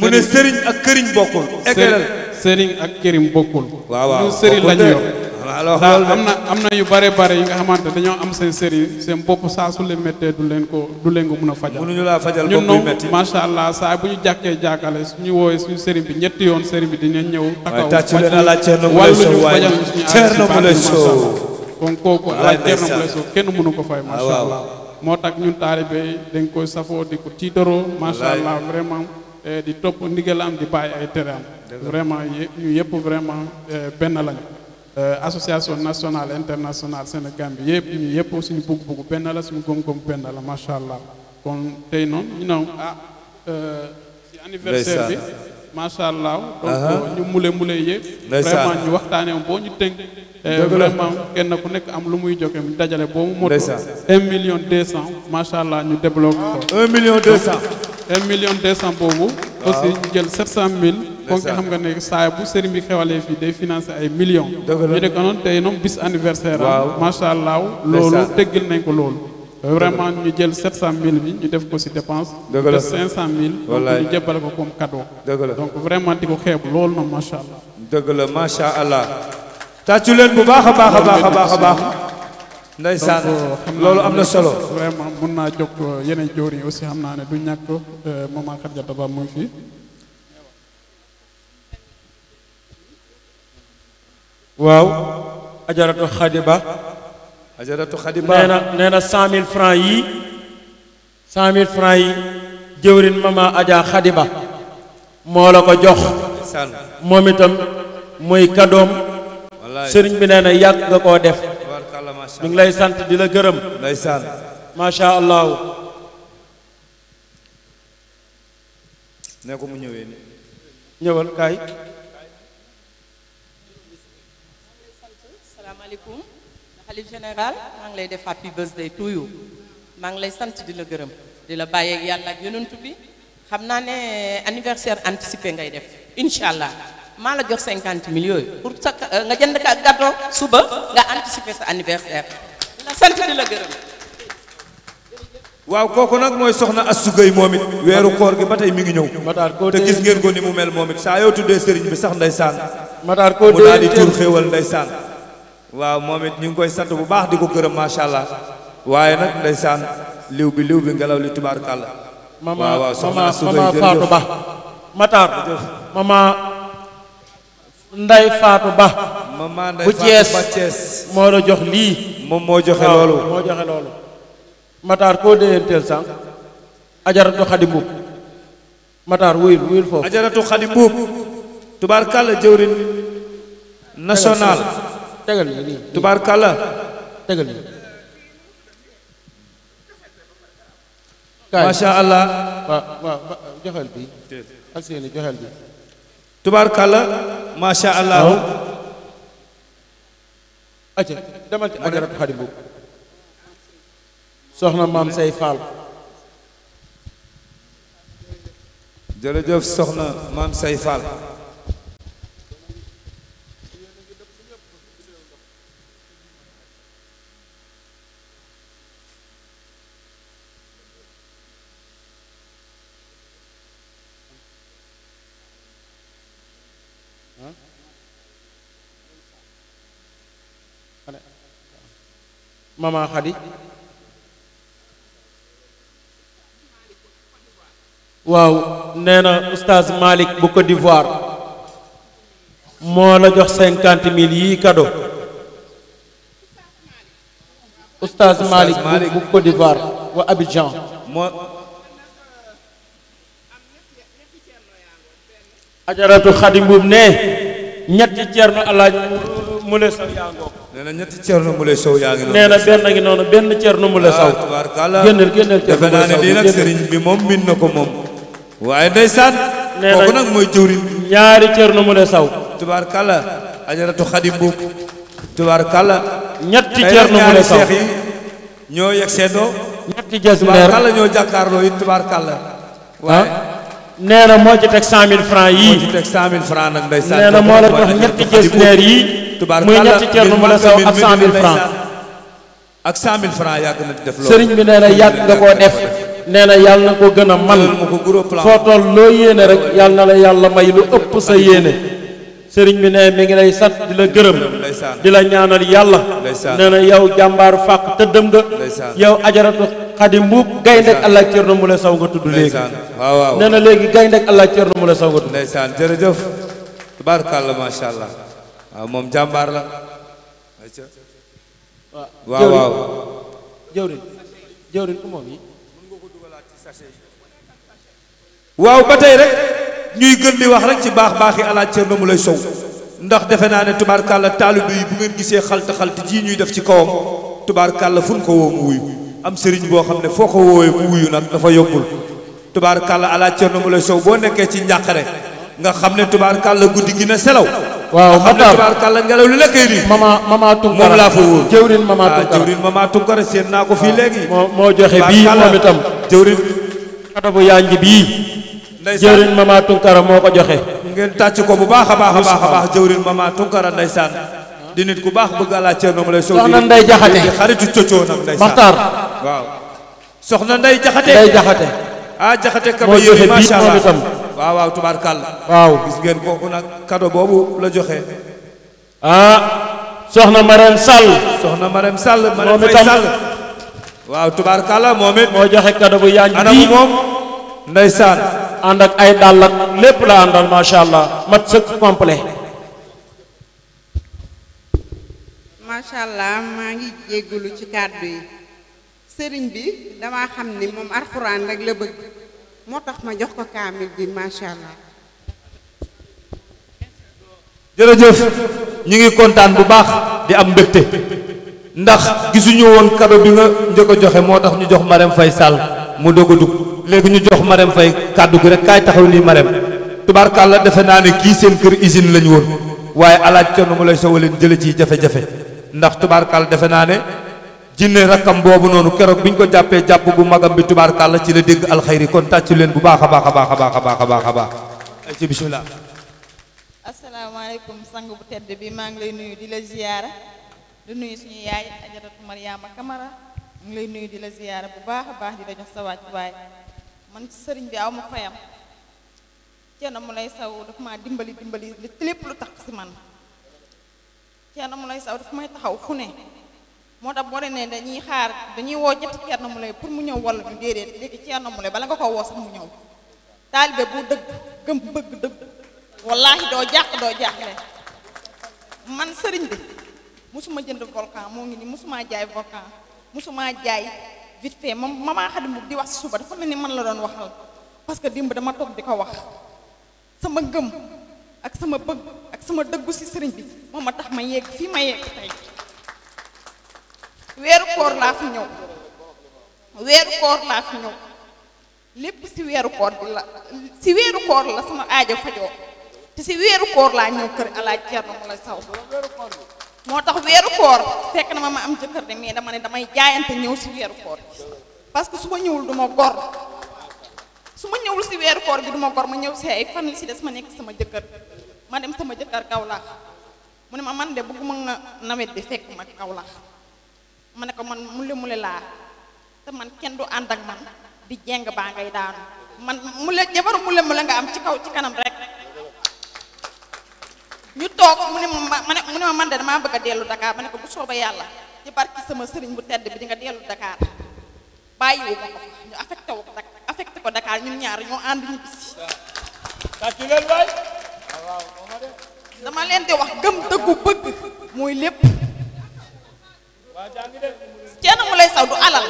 mu ne Serigne ak këriñ bokkul. eggalal Serigne ak kërim bokkul. waaw waaw bokkul de yor. alors am na am na yu bare bare yi nga xamante dañoo am seen sëriñ seen bopp saa su leen méttee du leen ko du leen ko mun a fajal mënuñu laa fajal ñun noom macha allah saa bu ñu jàkkee jàkkale ñu wooyee suñu sëriñ bi ñetti yoon sëriñ bi dina ñëw taxaw wàlluñu fajal suñu aai kon kooku alaaj Ceerno Moule Sow kenn mënu ko fay ah, macha allah moo tax ñun taalibe dañ koy safoo di ko tiitaroo macha allah vraiment eh, di topp ndigalam di bàyyi ay teram vraiment ñu yëpp vraiment eh, benn lañu Euh, association nationale internationale senegal bi yëpp ñu yëpp suñu bugg-bugg benn la suñu góom-góom benn la macha allah kon tey noonu ñu naw ah euh, ci anniversaire bi macha allah donc ñu mule mule yëpp vraiment ñu waxtaanee boo ñu tënk euh, vraiment kenn ku nekk am lu muy joxe mu dajale boo mu moto un million deux macha allah ñu débloqué ko un million cent un million boobu aussi ñu jël sept cent mille kooku xam nga ne saa bu sëriñ bi xewalee fii day financé ay million ñu ne ko noonu tey noonu bis anniversaire a macha allah loolu teggil nañ ko loolu vraiment ñu jël 700000 bi ñu def ko ci dépense. dëgg la 500000. wallaay ñu jébal ko comme cadeau. dëgg la donc vraiment di ko xeeb loolu na macha allah. dëgg la macha tàccu leen bu baax a baax a baax a baax a baax. ndeysaan euh, loolu am na solo. vraiment mun naa jokk euh, yeneen joor yi aussi xam naa ne du ñàkk euh, moment Khadija Ba mu ngi fi. waaw ajaratu xadiba ajaratu xadiba nee na nee na cent mille francs yi cent mille francs yi jëwrin mama aja xadiba moo la ko jox moom itam muy kadoom sëriñ bi nee na yàgg nga koo def ñu ngi lay sant di la gërëm ndeysaan macha allah ne ko mu ñëwee ni ñëwal kaay asalaamaaleykum xalif général maa ngi lay def happy birthday to you maa ngi lay sant di la gërëm di la bàyyeek yàlla ak yonent bi xam naa ne eh, anniversaire anticipé ngay def incha allah maa la jox cinquante millions pour sa eh, nga jënd ka gâteau suba nga anticiper sa anniversaire di la sant di la gërëm. waaw kooku nag mooy soxna Astou Gueye moom it weeru koor gi ba tey mi ngi ñëw te gis ngeen ko ni mu mel moom it saa yoo tuddee sëriñ bi sax ndeysaan mu daal di tur xéewal ndeysaan waaw moom it ñu ngi koy sant bu baax di ko gërëm macha allah waaye nag ndeysaan liw bi liw bi ngelaw li tubaarkàlla. waaw waaw soxna Sougay mama mama Fatou Ba. Matar mama moo la jox lii. moom moo joxe loolu moo koo déyanteel sànq. ajaratu Xadi Mbuub Matar wuyul wuyul foofu. ajaratu Xadi Mbuub tubaarkàlla jëwrin national. tegal nii tubaarkàlla tegal nii allah waaw bi ak seeni joxel bi tubaarkàlla macha allah acca demal ci ajaratu xadi boobu soxna maam say faal jërëjëf soxna maam say faal mama Khady waaw nee na oustaz bu Côte d'Ivoire moo la jox cinquante mille yi cadeau oustaz Malick bu Côte d'Ivoire wa Abidjan moo ajaratu Khady Mbuub ne ñetti ceerno alaaj Moule Sow yaa ngoog. nee na ñetti Thierno Moule Sow yaa ngi noonu. nee na benn ngi noonu benn Thierno Moule Sow. waaw ah, génneel génneel defe naa ne lii nag sëriñ bi moom min na ko moom. waaye ndeysaan. nee na kooku nag mooy jëwriñ. ñaari Thierno Moule Sow. tubaarkàlla ajaratu xadi mbuub. tubaarkàlla. ñetti Thierno Moule Sow seex ñoo yegg seetoo. ñetti jës meer ñoo jàkkaarloo it tubaarkàlla. Ah. waaye. nee na moo ci teg 100000F yii. na moo la jox ñetti jës meer yii. muy ñetti ceerno ak cent mille na def sëriñ bi nee na yàgg nga koo def nee na yàlla na ko gën a man foo toll loo yéene rek yàlla na la yàlla may lu ëpp sa yéene sëriñ bi nee mi ngi lay sant di la gërëm di la ñaanal yàlla nee na yow jàmbaaru fàq tëddëm nga yow ajaratu xadi mbuub gaynde ak allah ceerno mu la saw nga tudd léegi nee na léegi gaynde ak allah ceerno mu la saw nga tudd waaw moom jàmbaar la waaw waaw jëwriñ jëwriñ ku ba tey rek ñuy gën di wax rek ci baax baaxi alaaj Thierno Moulay Sow ndax defe naa ne tubaarkàlla taalibe yi bu ngeen gisee xalta xalta jii ñuy def ci kawam tubaarkàlla fu ñu ko woo wuyu am sëriñ boo xam ne foo ko woowee mu wuyu nag dafa yombul tubaarkàlla alaaj Thierno Moulay Sow boo nekkee ci njàqare nga xam ne tubaarkàlla guddi gi na selaw waaw Matar tubaarkàlla ngelaw li la kay di mama mama Tunkara moom ah, jëwrin mama Tunkara Tunkara seen naa ko fii léegi moo moo joxe bii moom itam jëwrin katabu yanj bii jëwrin mama Tunkara moo ko joxe ngeen tàcc ko bu baax a baax a baax a baax jëwrin mama Tunkara di nit ku baax bëgg àlaa ceerno mu lay sow soxna nday jaxate xaritu cocoo nag ndeysaan Matar waaw soxna nday jaxate nday jaxate ah jaxate kaba waaw waaw tubaarkàlla waaw gis ngeen kooku nag kado boobu la joxe. ah soxna Marème Sall. soxna Marème Sall Marème moom it moo joxe kado bu yaañ bii moom ndeysaan ànd ak ay dàll ak lépp la àndal macha allah mat maa ngi jéggulu ci kàddu yi sëriñ bi dama xam ni moom alxuraan rek la bëgg moo tax ma jox ko kaamil bi macha allah. jërëjëf ñu ngi kontaan bu baax di am mbégte ndax gisuñu woon kado bi nga njëkk a joxe moo tax ñu jox mareem fay sàll mu doog a dugg léegi ñu jox Marème fay kàddu gi rek kaay taxaw nii Marème tubaarkàlla defe naa ne kii seen kër usine lañu woon waaye alaaj coono mu lay sowal leen jële ci jafe-jafe ndax tubaarkàlla defe naa ne. jinne rakkam boobu noonu keroog bi ñu ko jàppee jàpp bu magam bi tubaarkàlla ci la dégg alxayri kon tàccu leen bu baax a baax a baax a baax a baax a baax a baax ay ci bisimilah asalaamaaleykum sang bu tedd bi maa ngi lay nuyu di la ziyaara di nuyu suñu yaay ajaratu Mariama Kamara mu ngi lay nuyu di la ziyaara bu baax a baax di la jox sa wàcc waaye man ci sëriñ bi aw ma fayam Ceerno Moulay Sow dafa ma dimbali dimbali lépp lu tax si man Ceerno Moulay Sow dafa may taxaw fu ne moo tax boo dee ne dañuy xaar dañuy woo ñetti Thierno Moule pour mu ñëw wala du déedéet léegi Thierno Moule bala nga ko woo sax mu ñëw taalibe bu dëgg gëm bëgg dëgg wallaahi doo jàq doo jaaxle man sëriñ bi mosuma jënd volcan moo ngi ni mosuma jaay volcan mosuma jaay vite fait moom mamaa xadim di wax si suba dafa mel ni man la doon waxal parce que dimb dama toog di ko wax sama gëm ak sama bëgg ak sama dëggu si sëriñ bi moom ma tax ma yegg fii ma yegg weeru koor laa fi ñëw weeru koor laa ñëw lépp ci weeru koor bi la ci weeru koor la sama aajo fajoo te ci weeru koor laa ñëw kër alaaj Cerno mu la saw moo tax weeru koor fekk na ma ma am jëkkër de mais dama ne damay jaayante ñëw ci weeru koor bi parce que su ma ñëwul du ma gor su ma ñëwul ci weeru koor bi du ma gor ma ñëw ci ay fan li ci des ma nekk sama jëkkër ma dem sama jëkkër Kaolack mu ne ma man de bëgguma nga nawet bi fekk ma Kaolack ma ne ko man mu mule laa te man kenn du ànd ak man di jeng baa ngay daanu man mule jabaru mule mule nga am ci kaw ci kanam rek ñu toog mu ne ma ma mu ne ma man de damaa bëgg dellu Dakar ma ne ko bu sooba yàlla ci barki sama sëriñ bu tedd bi di nga dellu Dakar bàyyiwu ma ko ñu affecté wu ko affecté ko Dakar ñaar ñoo ànd ñu bis. tàccu leen waay. dama leen di wax gëm dëggu bëgg mooy lépp. Ceerno Moulay Sow du alal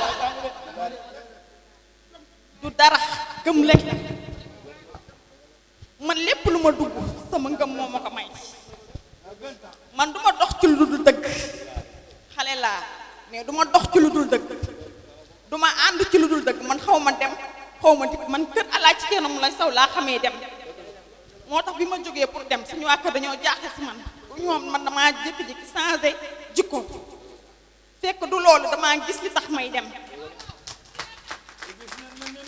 du dara gëm lekk man lépp lu ma dugg sama ngëm moo ma may man du dox ci lu dul dëgg xale laa mais duma dox ci lu dul dëgg du ànd ci lu dul dëgg man xaw ma dem xaw ma dikk man kër alaa ci Ceerno Moulay Sow laa xamee dem moo tax bi ma jógee pour dem suñu waa dañoo jaaxle si man bu ñoom man damaa jékki-jékki changé jikko fekk du loolu damaa gis li sax may dem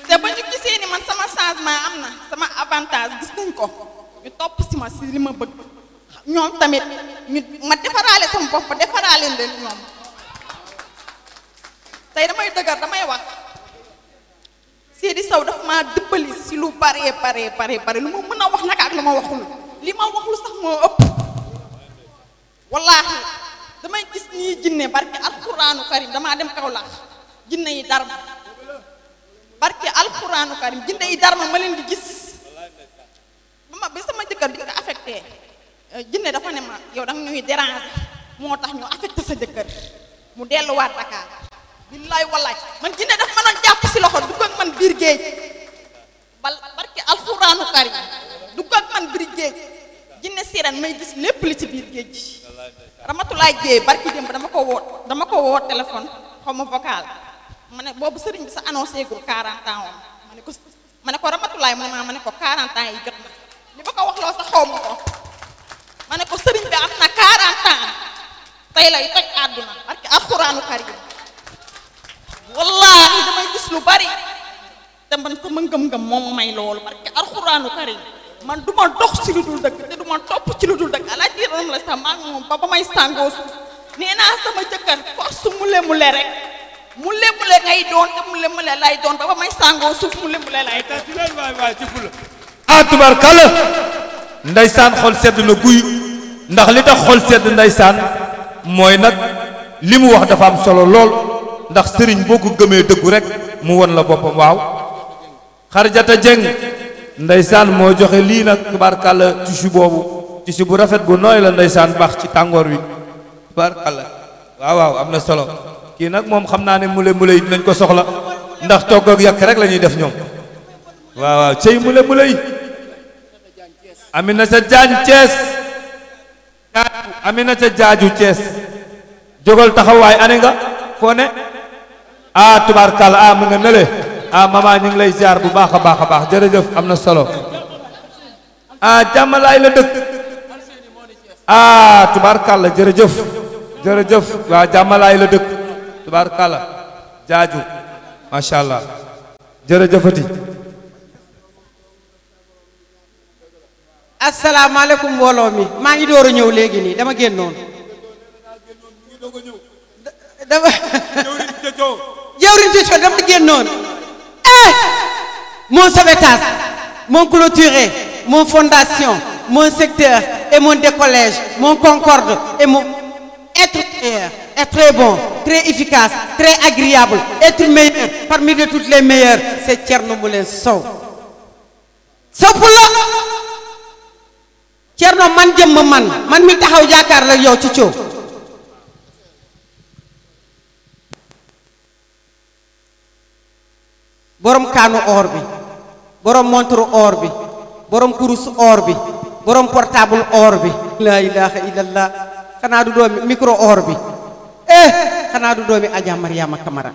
te ba ñu gisee ni man sama changement am na sama avantage gis nañ ko ñu topp si ma si li ma bëgg ñoom tamit ñu ma defaraale sama bopp ma defaraale leen ñoom tey damay dëgër damay wax Seydi saw dafa maa dëppali si lu bare bare bare bare lu ma mën a wax naka ak lu ma waxul li ma waxul sax moo ëpp wallaahi ñuy jinne barke alxuraanu karim damaa dem Kaolack jinne yi dar ma barke alxuraanu karim jinne yi dar ma ma leen di gis ba ma bi sama jëkkër di ko affecté euh, jinne dafa ne ma yow danga ñuy déranger moo tax ñu affecté sa jëkkër mu delluwaat Dakar billaay wallaay man jinne dafa ma doon jàpp si loxo dugg ak man biir géej bal barke alxuraanu karim dugg man biir jinne sirène may gis lépp li ci biir géej Ramatulaay Jéey barki démb dama ko woo dama ko woo téléphone xaw ma vocal ma ne boobu sëriñ bi sa annoncé gul 40 ans woon ma ne ko ma ne ko Ramatulaay mu ne ma ma ne ko 40 ans yi jot na li ma ko wax loo sax xaw ma ko ma ne ko sëriñ bi am na 40 ans tey lay toj àdduna barki alxuraanu karim wallaahi damay gis lu bari te man sama ngëm-ngëm moom may loolu barki alxuraanu karim man du ma dox ci lu dul dëgg te du ma topp ci lu dul dëgg alaaji Ibrahima la sax maa ngi moom ba ba may sàngoo suuf nee naa sama jëkkër force mu lemule rek mu lemule ngay doon te mu lemule lay doon ba ba may sàngoo suuf mu lemule lay doon. waay waay ci fula. ah tubarkalla ndeysaan xol sedd na guy ndax li tax xol sedd ndeysaan mooy nag li mu wax dafa am solo lool ndax sëriñ boo ko gëmee dëggu rek mu won la boppam waaw xarjata jeng ndeysaan moo joxe lii nag tubaarkàlla tissu boobu tissu bu rafet bu nooy la ndeysaan baax ci tàngoor wi tubaarkàlla waaw waaw am na solo kii nag moom xam naa ne mule mule yi dinañ ko soxla ndax togg ak yàq rek lañuy def ñoom waaw waaw cey mule mule yi Aminata Jaañ Cees Aminata Jaaju Cees jógal taxawaay ane nga foo ne ah tubaarkàlla ah mu nga nële ah mamaa ñu ngi lay jaar bu baax a baax a baax jërëjëf am na solo ah jàmmalaay la dëkk ah tubaarkàlla jërëjëf jërëjëf waa jàmmalaay la dëkk tubaarkàlla jaaju macha allah jërëjëfati. asalaamaaleykum mbooloo mi maa ngi door a ñëw léegi nii dama génnoon. dama génnoon. Eh! mon sauvetage, mon clôturé, mon fondation, mon secteur et mon décollège, mon concorde et mon être très bon, très efficace, très agréable, être meilleur parmi de toutes les meilleures, c'est Tcherno Moulin Sow. Sopula Tcherno man jëm man man mi taxaw yaakaar la yow ci coow borom kaanu or bi borom montre or bi borom kurus or bi borom portable or bi laa ilaha illallah xanaa du doomi micro or bi eh xanaa du doomi Adja Mariama Kamara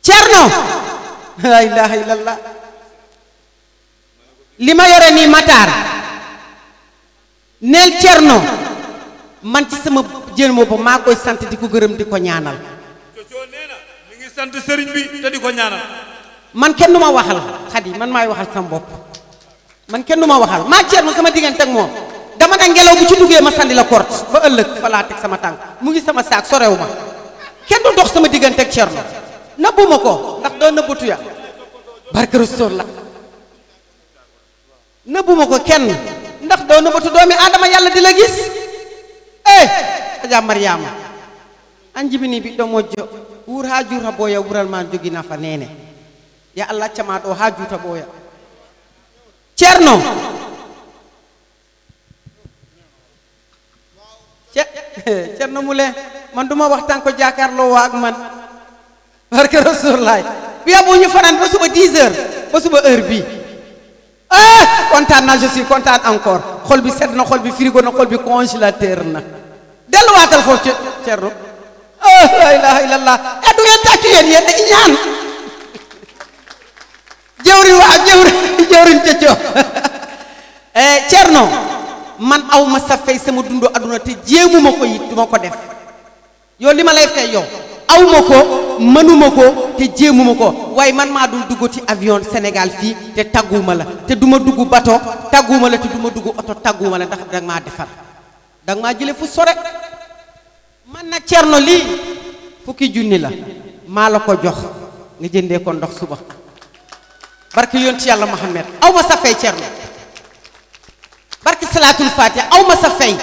Cerno laa ilaha illallah li ma yore nii Matar neel Cerno man ci sama jël moo ba maa koy sant di ko gërëm di ko ñaanal sant sëriñ bi te di ko ñaanal. man kenn du ma waxal xadi man maay waxal sama bopp man kenn ma waxal maa Thierno sama diggante ak moom dama ne ngelaw bu ci duggee ma sandi la korte ba ëllëg fa sama tànk mu ngi sama saak sorewu ma kenn du dox sama diggante ak Thierno nabbu ma ko ndax doo nëbbatu ya barke Rasuul la nëbbu ko kenn ndax doo nëbbatu doomi aadama yàlla di la gis eh aja Mariama anjibini bi ɗo wuur haa juuta ɓooya wural ma jogi nafa nene ya allah accama ɗo haa juuta ɓooya ceerno ceerno mule man duma waxtaan ko jaakarloowa ak man barke rasulullah ɓiya ɓo ñu fanaan ba suba 10 heures ba suba heure bi ah kontaan na je kontaan encore xol bi sedd na xol bi frigo na xol bi congélateur na delluwaatal foofu ceerno Oh, laa ilaha illallah e du ngeen tàccu yéen yéen dañuy ñaan jëwriñ waaw jëwriñ jëwriñ cëccoo eh, Cerno man aw ma sa fay sama dundu àdduna te jéemuma ko it duma ko def yow li ma lay fay yow aw ma ko mënuma ko te jéemuma ko waaye man maa dul dugg ci avion senegal fii te tàgguma la te duma dugg bato tàgguma la te duma dugg oto tàgguma la ndax danga maa defar danga maa jële fu sore man na nag cerno lii fukki junni la maa la ko jox nga jëndee ko ndox suba yoon ci yàlla Muhammad aw ma sa fay cerno barke salaatul faatiha aw ma sa fay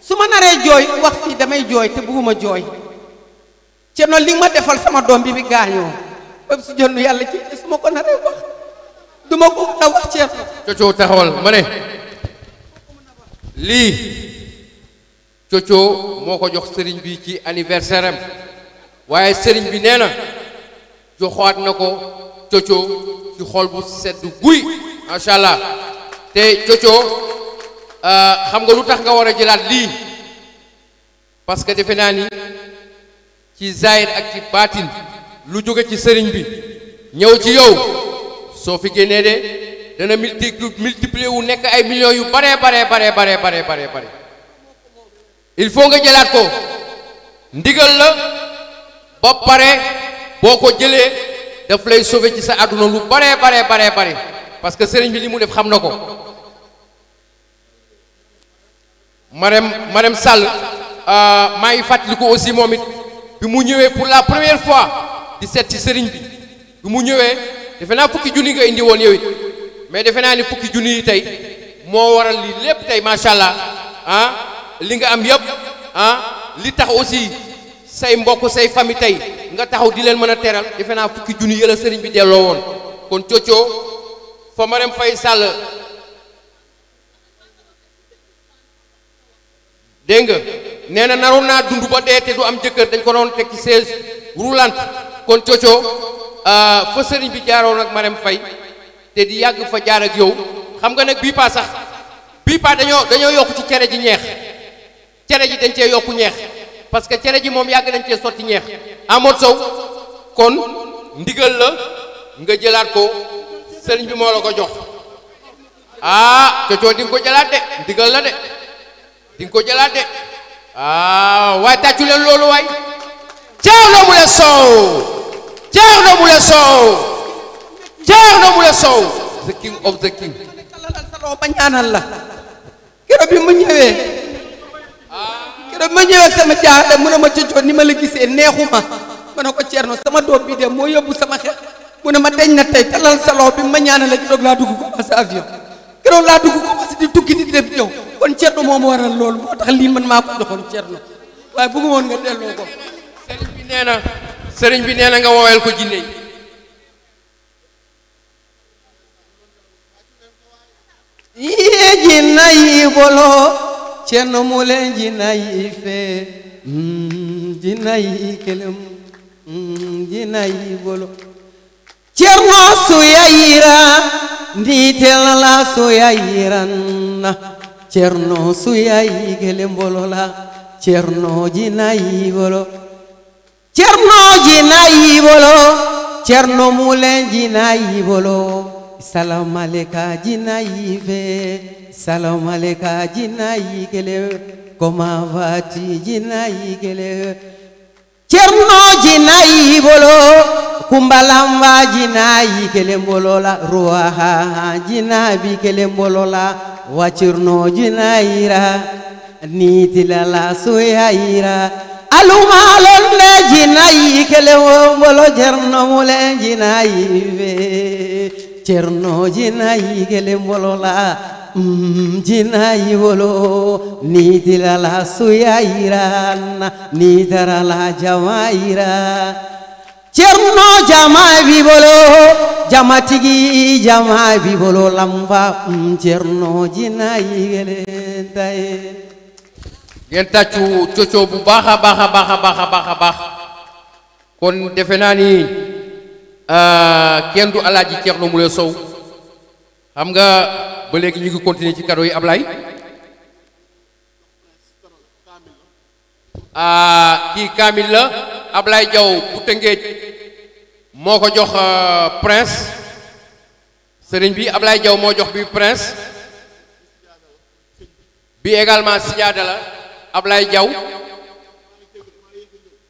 su ma naree jooy wax fii damay jooy te bëgguma jooy cerno li ma defal sama doom bi bi gaañoo ba su jonn yàlla ci su ma ko naree wax duma ko mën a wax cerno cocoo taxawal ma ne lii cocoo moo ko jox sëriñ bi ci anniversaire am waaye sëriñ bi nee na joxaat na ko cocoo ci xol bu sedd guy macha allah te cocoo euh, xam nga lu tax nga war a jëlaat lii parce que defe naa ni ci zaahir ak ci baatin lu jóge ci sëriñ bi ñëw ci yow soo fi génnee de dana multiplier wu nekk ay millions yu baree baree baree baree baree baree il faut nga jëlaat ko ndigal la ba pare boo ko jëlee daf lay sauver ci sa àdduna lu baree baree baree bare parce que sëriñ bi li mu def xam na ko Marème Marème Sall euh, maa ngi fàttaliku aussi moom it bi mu ñëwee pour la première fois di seet ci sëriñ bi bi mu ñëwee defe naa fukki junni nga indi mais defe naa ni fukki junni yi tey moo waral lii lépp tey macha allah ah li nga am yëpp ah li tax aussi say mbokk say famille tey nga taxaw di leen mën a teral defe naa fukki junni yëla sëriñ bi delloo woon kon coccoo fa Marème Faye dégg nga nee na naroon naa dund ba dee te am jëkkër dañ ko doon teg ci kon coccoo ah, sëriñ bi jaaroon ak Marème Faye te di yàgg fa jaar ak yow xam nga nag bii paa sax bii dañoo dañoo yokk ci cere ji ñeex cere ji dañ cee yokk ñeex parce que cere ji moom yàgg nañ cee sotti ñeex Amadou Sow kon ndigal la nga jëlaat ko sëriñ bi moo la ko jox ah cocoo di ko jëlaat de ndigal la de di ko jëlaat de waaw ah, waaye tàccu leen loolu waay Thierno Moule Sow Thierno Moule Sow Thierno Moule Sow the king of the king. sa loxo ba ñaanal la keroog bi mu ñëwee. keroog ma ñëwee ak sama jaaxle mu ne ma cocoon ni ma la gisee neexu ma a ko Thierno sama doom bi de moo yóbbu sama xel mu a ma deñ na tey talal sa loxo bi ma ñaanal la keroog laa dugg commencé avion keroog laa dugg commencé di tukki di dem ñëw kon Thierno moom waral loolu moo tax lii man maa ko joxoon Thierno waaye bëggu nga delloo ko. sëriñ bi nee na na nga woowel ko jinne yéegi na yi boloo ceerno muule jinayi fee mm, jinayi kelem mm, jinayi bolo ceerno suyayira ndiitelala suyayiranna ceerno suyayi kelem bolola ceerno jinayi bolo ceerno jinayi bolo ceerno muule jinayi bolo salam aleka jina yive salam aleka jina yigele comment vas-tu jina yigele cerno jina yibolo kumbalamba jina yigele mbolola ruaha jina bigele mbolola wacirno jina yira nitilala soya yira alumaalol ne jina yigele mbolo cerno mule jina yive cerno jinayi gele mbolola mm, jinayi wolo ni dilala suyayiran ni darala jamayira cerno jama bi bolo jama tigi jama bi bolo lamba mm, jinayi gele ndaye ngeen tàccu coco bu baax a baax a baax a baax a baax kon defe Euh, kenn du alaaji Thierno Moule Sow xam nga ba léegi ñu ngi continuer ci cadeau yi Ablaye euh, kii Kamil la Ablaye Diaw bu Tëngéej moo ko jox euh, prince sëriñ bi Ablaye jaw moo jox bi prince bi également sijaada la Ablaye Diaw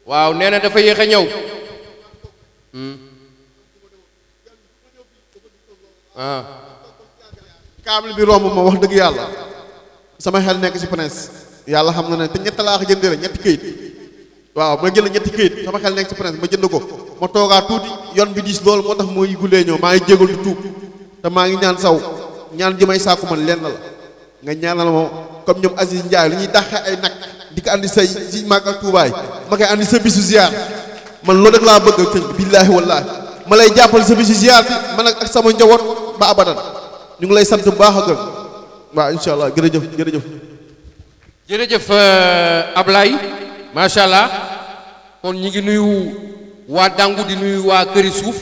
waaw nee na dafa yéex a ñëw. Hmm. ah kaamil bi romb ma wax dëgg yàlla sama xel nekk ci prince yàlla xam na ne te ñett laa ko jëndee rek ñetti këyit waaw ma jënd ñetti këyit sama xel nekk ci prince ma jënd ko ma toogaa tuuti yoon bi diis loolu moo tax mooy guddee ñëw maa ngi jégal di tuub te maa ngi ñaan saw ñaan ji may sàkku man lenn la nga ñaanal ma comme ñoom Aziz Ndiaye li ñuy dàqee ay nag di ko andi say si màggal tuubaay ma koy andi sa bisu ziar man loolu rek ma lay jàppal sa bisu ziar bi man ak ba abadan ñu ngi lay sant bu baax a gërëm waaw incha allah jërëjëf jërëjëf. jërëjëf euh, Ablaye macha allah kon ñu ngi nuyu waa Dangu di nuyu waa këri suuf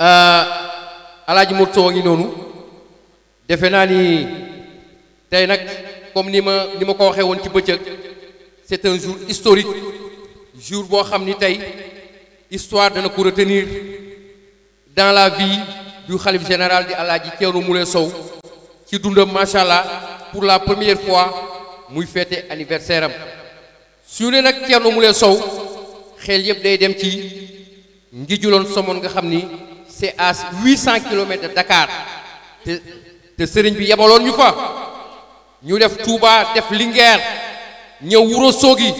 euh, alaaji Moto a ngi noonu defe naa ni tey nag comme ni ma ni ma ko waxee woon ci bëccëg c'est un jour historique jour boo xam ni tey histoire dana ko retenir dans la vie. du xalif général di Alaaji Thierno Moule Sow ci dundam macha pour la première fois muy fêté anniversaire am su ne nag Thierno Moule Sow xel yëpp day dem ci ngi juloon somoon nga xam ni c'est à 800 kilomètres de Dakar te sëriñ bi yebaloon ñu fa ñu def Touba def Linguère ñëw Wuro Sogi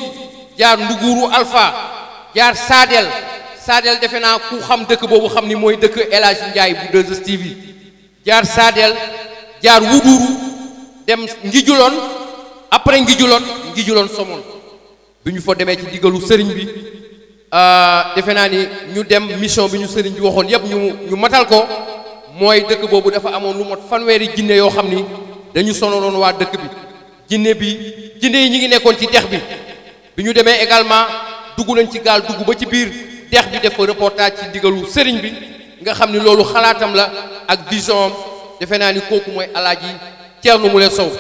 jaar Nduguru Alpha jaar Sadel Sadel defe naa ku xam dëkk boobu xam ni mooy dëkk El Hadj Ndiaye bu 2STV jaar Sadel jaar Wuduru dem Ngijuloon après ngi juloon Ngijuloon juloon Somone bi ñu fa demee ci diggalu sëriñ bi euh, defe naa ni ñu dem mission bi ñu sëriñ bi waxoon yépp ñu ñu matal ko mooy dëkk boobu dafa amoon lu mat fanweeri jinne yoo xam ni dañu sonaloon waa dëkk bi jinne bi jinne yi ñu ngi nekkoon ci dex bi bi ñu demee également dugg nañ ci gaal dugg ba ci biir. dex bi def ko reportage ci diggalu sëriñ bi nga xam ni loolu xalaatam la ak vision am defe naa ni kooku mooy alaaji Thierno Moule Sow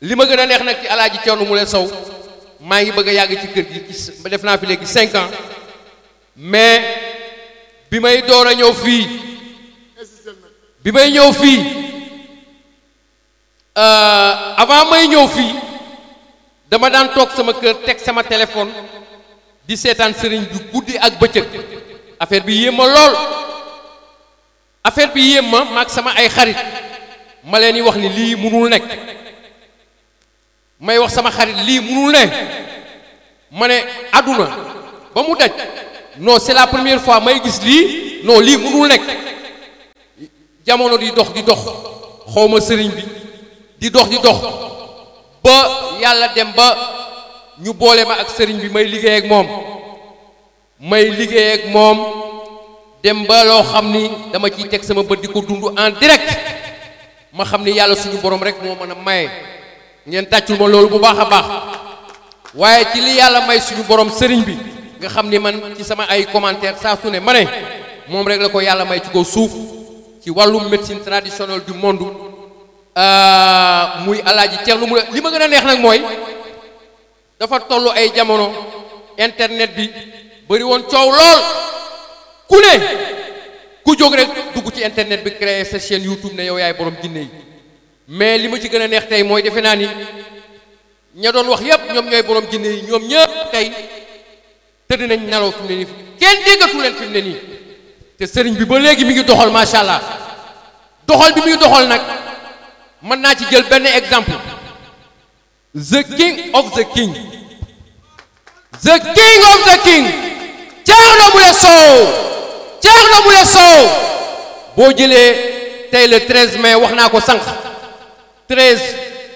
li ma gën a neex nag ci alaaji Thierno Moule Sow maa ngi bëgg a yàgg ci kër gi ci def naa fi léegi cinq ans mais bi may door a ñëw fii bi may ñëw fii euh, avant may ñëw fii dama daan toog sama kër teg sama téléphone di seetaan sëriñ bi guddi ak bëccëg affaire bi yéem ma lool affaire bi yéem ma maag sama ay xarit ma leen yi wax ni lii mënul nekk may wax sama xarit lii mënul nekk ma ne àdduna ba mu daj non c'est la première fois may gis lii non lii mënul nekk jamono di dox di dox xawma sëriñ bi di dox di dox ba yàlla dem ba ñu boole ma ak sëriñ bi may liggéey ak moom may liggéey ak moom dem ba loo xam ni dama ciy teg sama bët di ko dund en direct ma xam ni yàlla suñu borom rek moo mën a maye ngeen tàccul ma loolu bu baax a baax waaye ci li yàlla may suñu borom sëriñ bi nga xam ni man ci sama ay commentaire saa su ne ma ne moom rek la ko yàlla may ci ko suuf ci wàllum médecine traditionnelle du monde euh, muy alaaji ceex lu mu li ma gën a neex nag mooy dafa toll ay jamono internet bi bëri woon coow lool ku ne ku jóg rek dugg ci internet bi créer sa chaîne YouTube ne yow yaay borom jinne yi mais li ma ci gën a neex tey mooy defe naa ni ña doon wax yépp ñoom ñooy boroom jinne yi ñoom ñëpp tey tëdd nañ nelaw fi mu ne nii kenn déggatu leen fi ne nii te sëriñ bi ba léegi mi ngi doxal macha allah doxal bi mi ngi doxal nag mën naa ci jël benn exemple. the king of the king the king of the king Thierno Moule Sow Sow boo jëlee tey le 13 mai wax naa ko sànq 13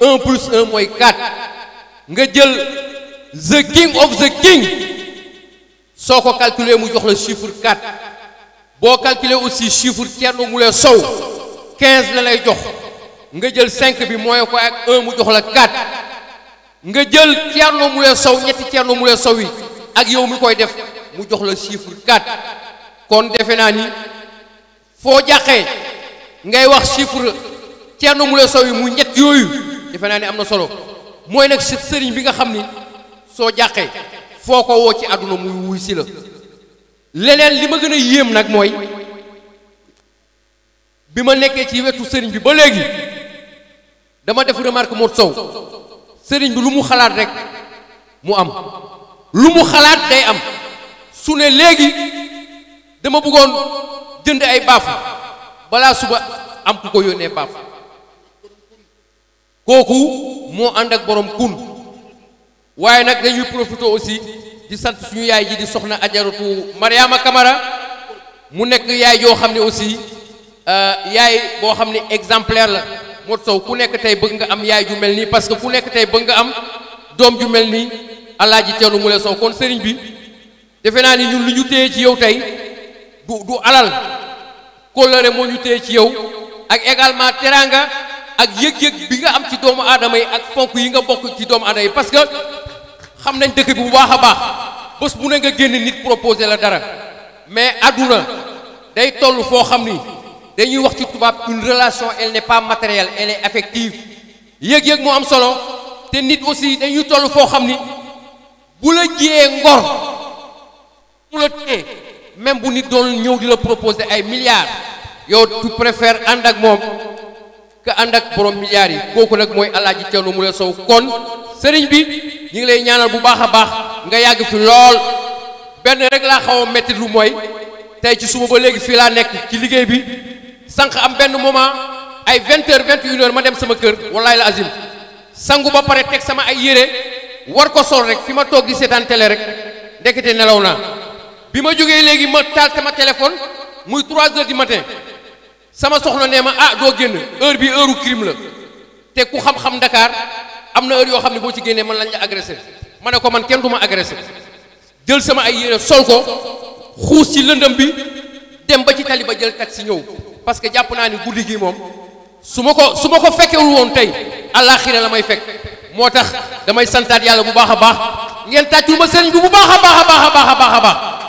1 plus 1 mooy 4 nga jël the king of the king soo ko calculer mu jox la chiffre 4 boo calculer aussi chiffre Thierno Moule Sow la lay jox nga jël 5 bi mooy ko ak 1 mu jox la 4 nga jël Thierno Moule Sow ñetti Thierno Moule Sow yi ak yow mi koy def mu jox la chiffre 4 kon defe naa ni foo jàqee ngay wax chiffre Thierno Moule Sow yi mu ñett yooyu defe naa ni am na solo mooy nag sëriñ bi nga xam ni soo jàqee foo ko woo ci àdduna muy wuy si la leneen li ma gën a yéem nag mooy bi ma nekkee ci wetu sëriñ bi ba léegi dama def remarque Modou Sow sëriñ bi lu mu xalaat rek mu am lu mu xalaat day am su ne léegi dama bëggoon jënd ay baafu balaa suba am ku ko yónnee baafu kooku moo ànd ak borom kun waaye nag dañuy profité aussi di sant suñu yaay ji di soxna ajaratu Mariama Kamara mu nekk yaay joo xam ne aussi euh, yaay boo xam ne exemplaire la Modou Sow ku nekk tey bëgg nga am yaay ju mel nii parce que ku nekk tey bëgg nga am doom ju mel nii alaaji Thierno Moule Sow kon sëriñ bi defe naa ni ñun lu ñu téye ci yow tey du du alal kóllëre moo ñu téye ci yow ak également teraanga ak yëg-yëg bi nga am ci doomu aadama yi ak fonk yi nga bokk ci doomu aadama yi parce que xam nañ dëkk bi bu baax a baax bés bu ne nga génn nit proposé la dara mais àdduna day toll foo xam ni. dañuy wax ci tubaab une relation elle n'est pas matérielle elle est affective yëg-yëg moo am solo te nit aussi dañuy toll foo xam ni bu la jiyee ngor bu la téye même bu nit doon ñëw di la proposé ay milliards yow tu préfères ànd ak moom que ànd ak borom milliards yi kooku nag mooy Alaaji Thierno Moule Sow kon sëriñ bi ñu ngi lay ñaanal bu baax a baax nga yàgg fi lool benn rek laa xaw a métti lu mooy tey ci suba ba léegi fii laa nekk ci liggéey bi. sànq am benn moment ay vingt heures vingt une ma dem sama kër wallaay la azim sangu ba pare teg sama ay yére war ko sol rek fi ma toog di seetaan télé rek ndekete nelaw naa bi ma jógee léegi ma taal ma téléphone muy trois heures du matin sama soxna nee ma ah doo génn heure bi heure u la te ku xam-xam Dakar am na heure yoo xam ne boo ci génnee man lañ la ma ne ko man kenn du ma agressé jël sama ay yére sol ko xuus ci lëndëm bi dem ba ci tali ba jël taxi ñëw parce que jàpp naa ni guddi gi moom su ma ko su ma ko fekkewul woon tey àllaaxira la may fekk moo tax damay santaat yàlla bu baax a baax ngeen tàccul ma sëriñ bi bu baax a baax a baax a baax a baax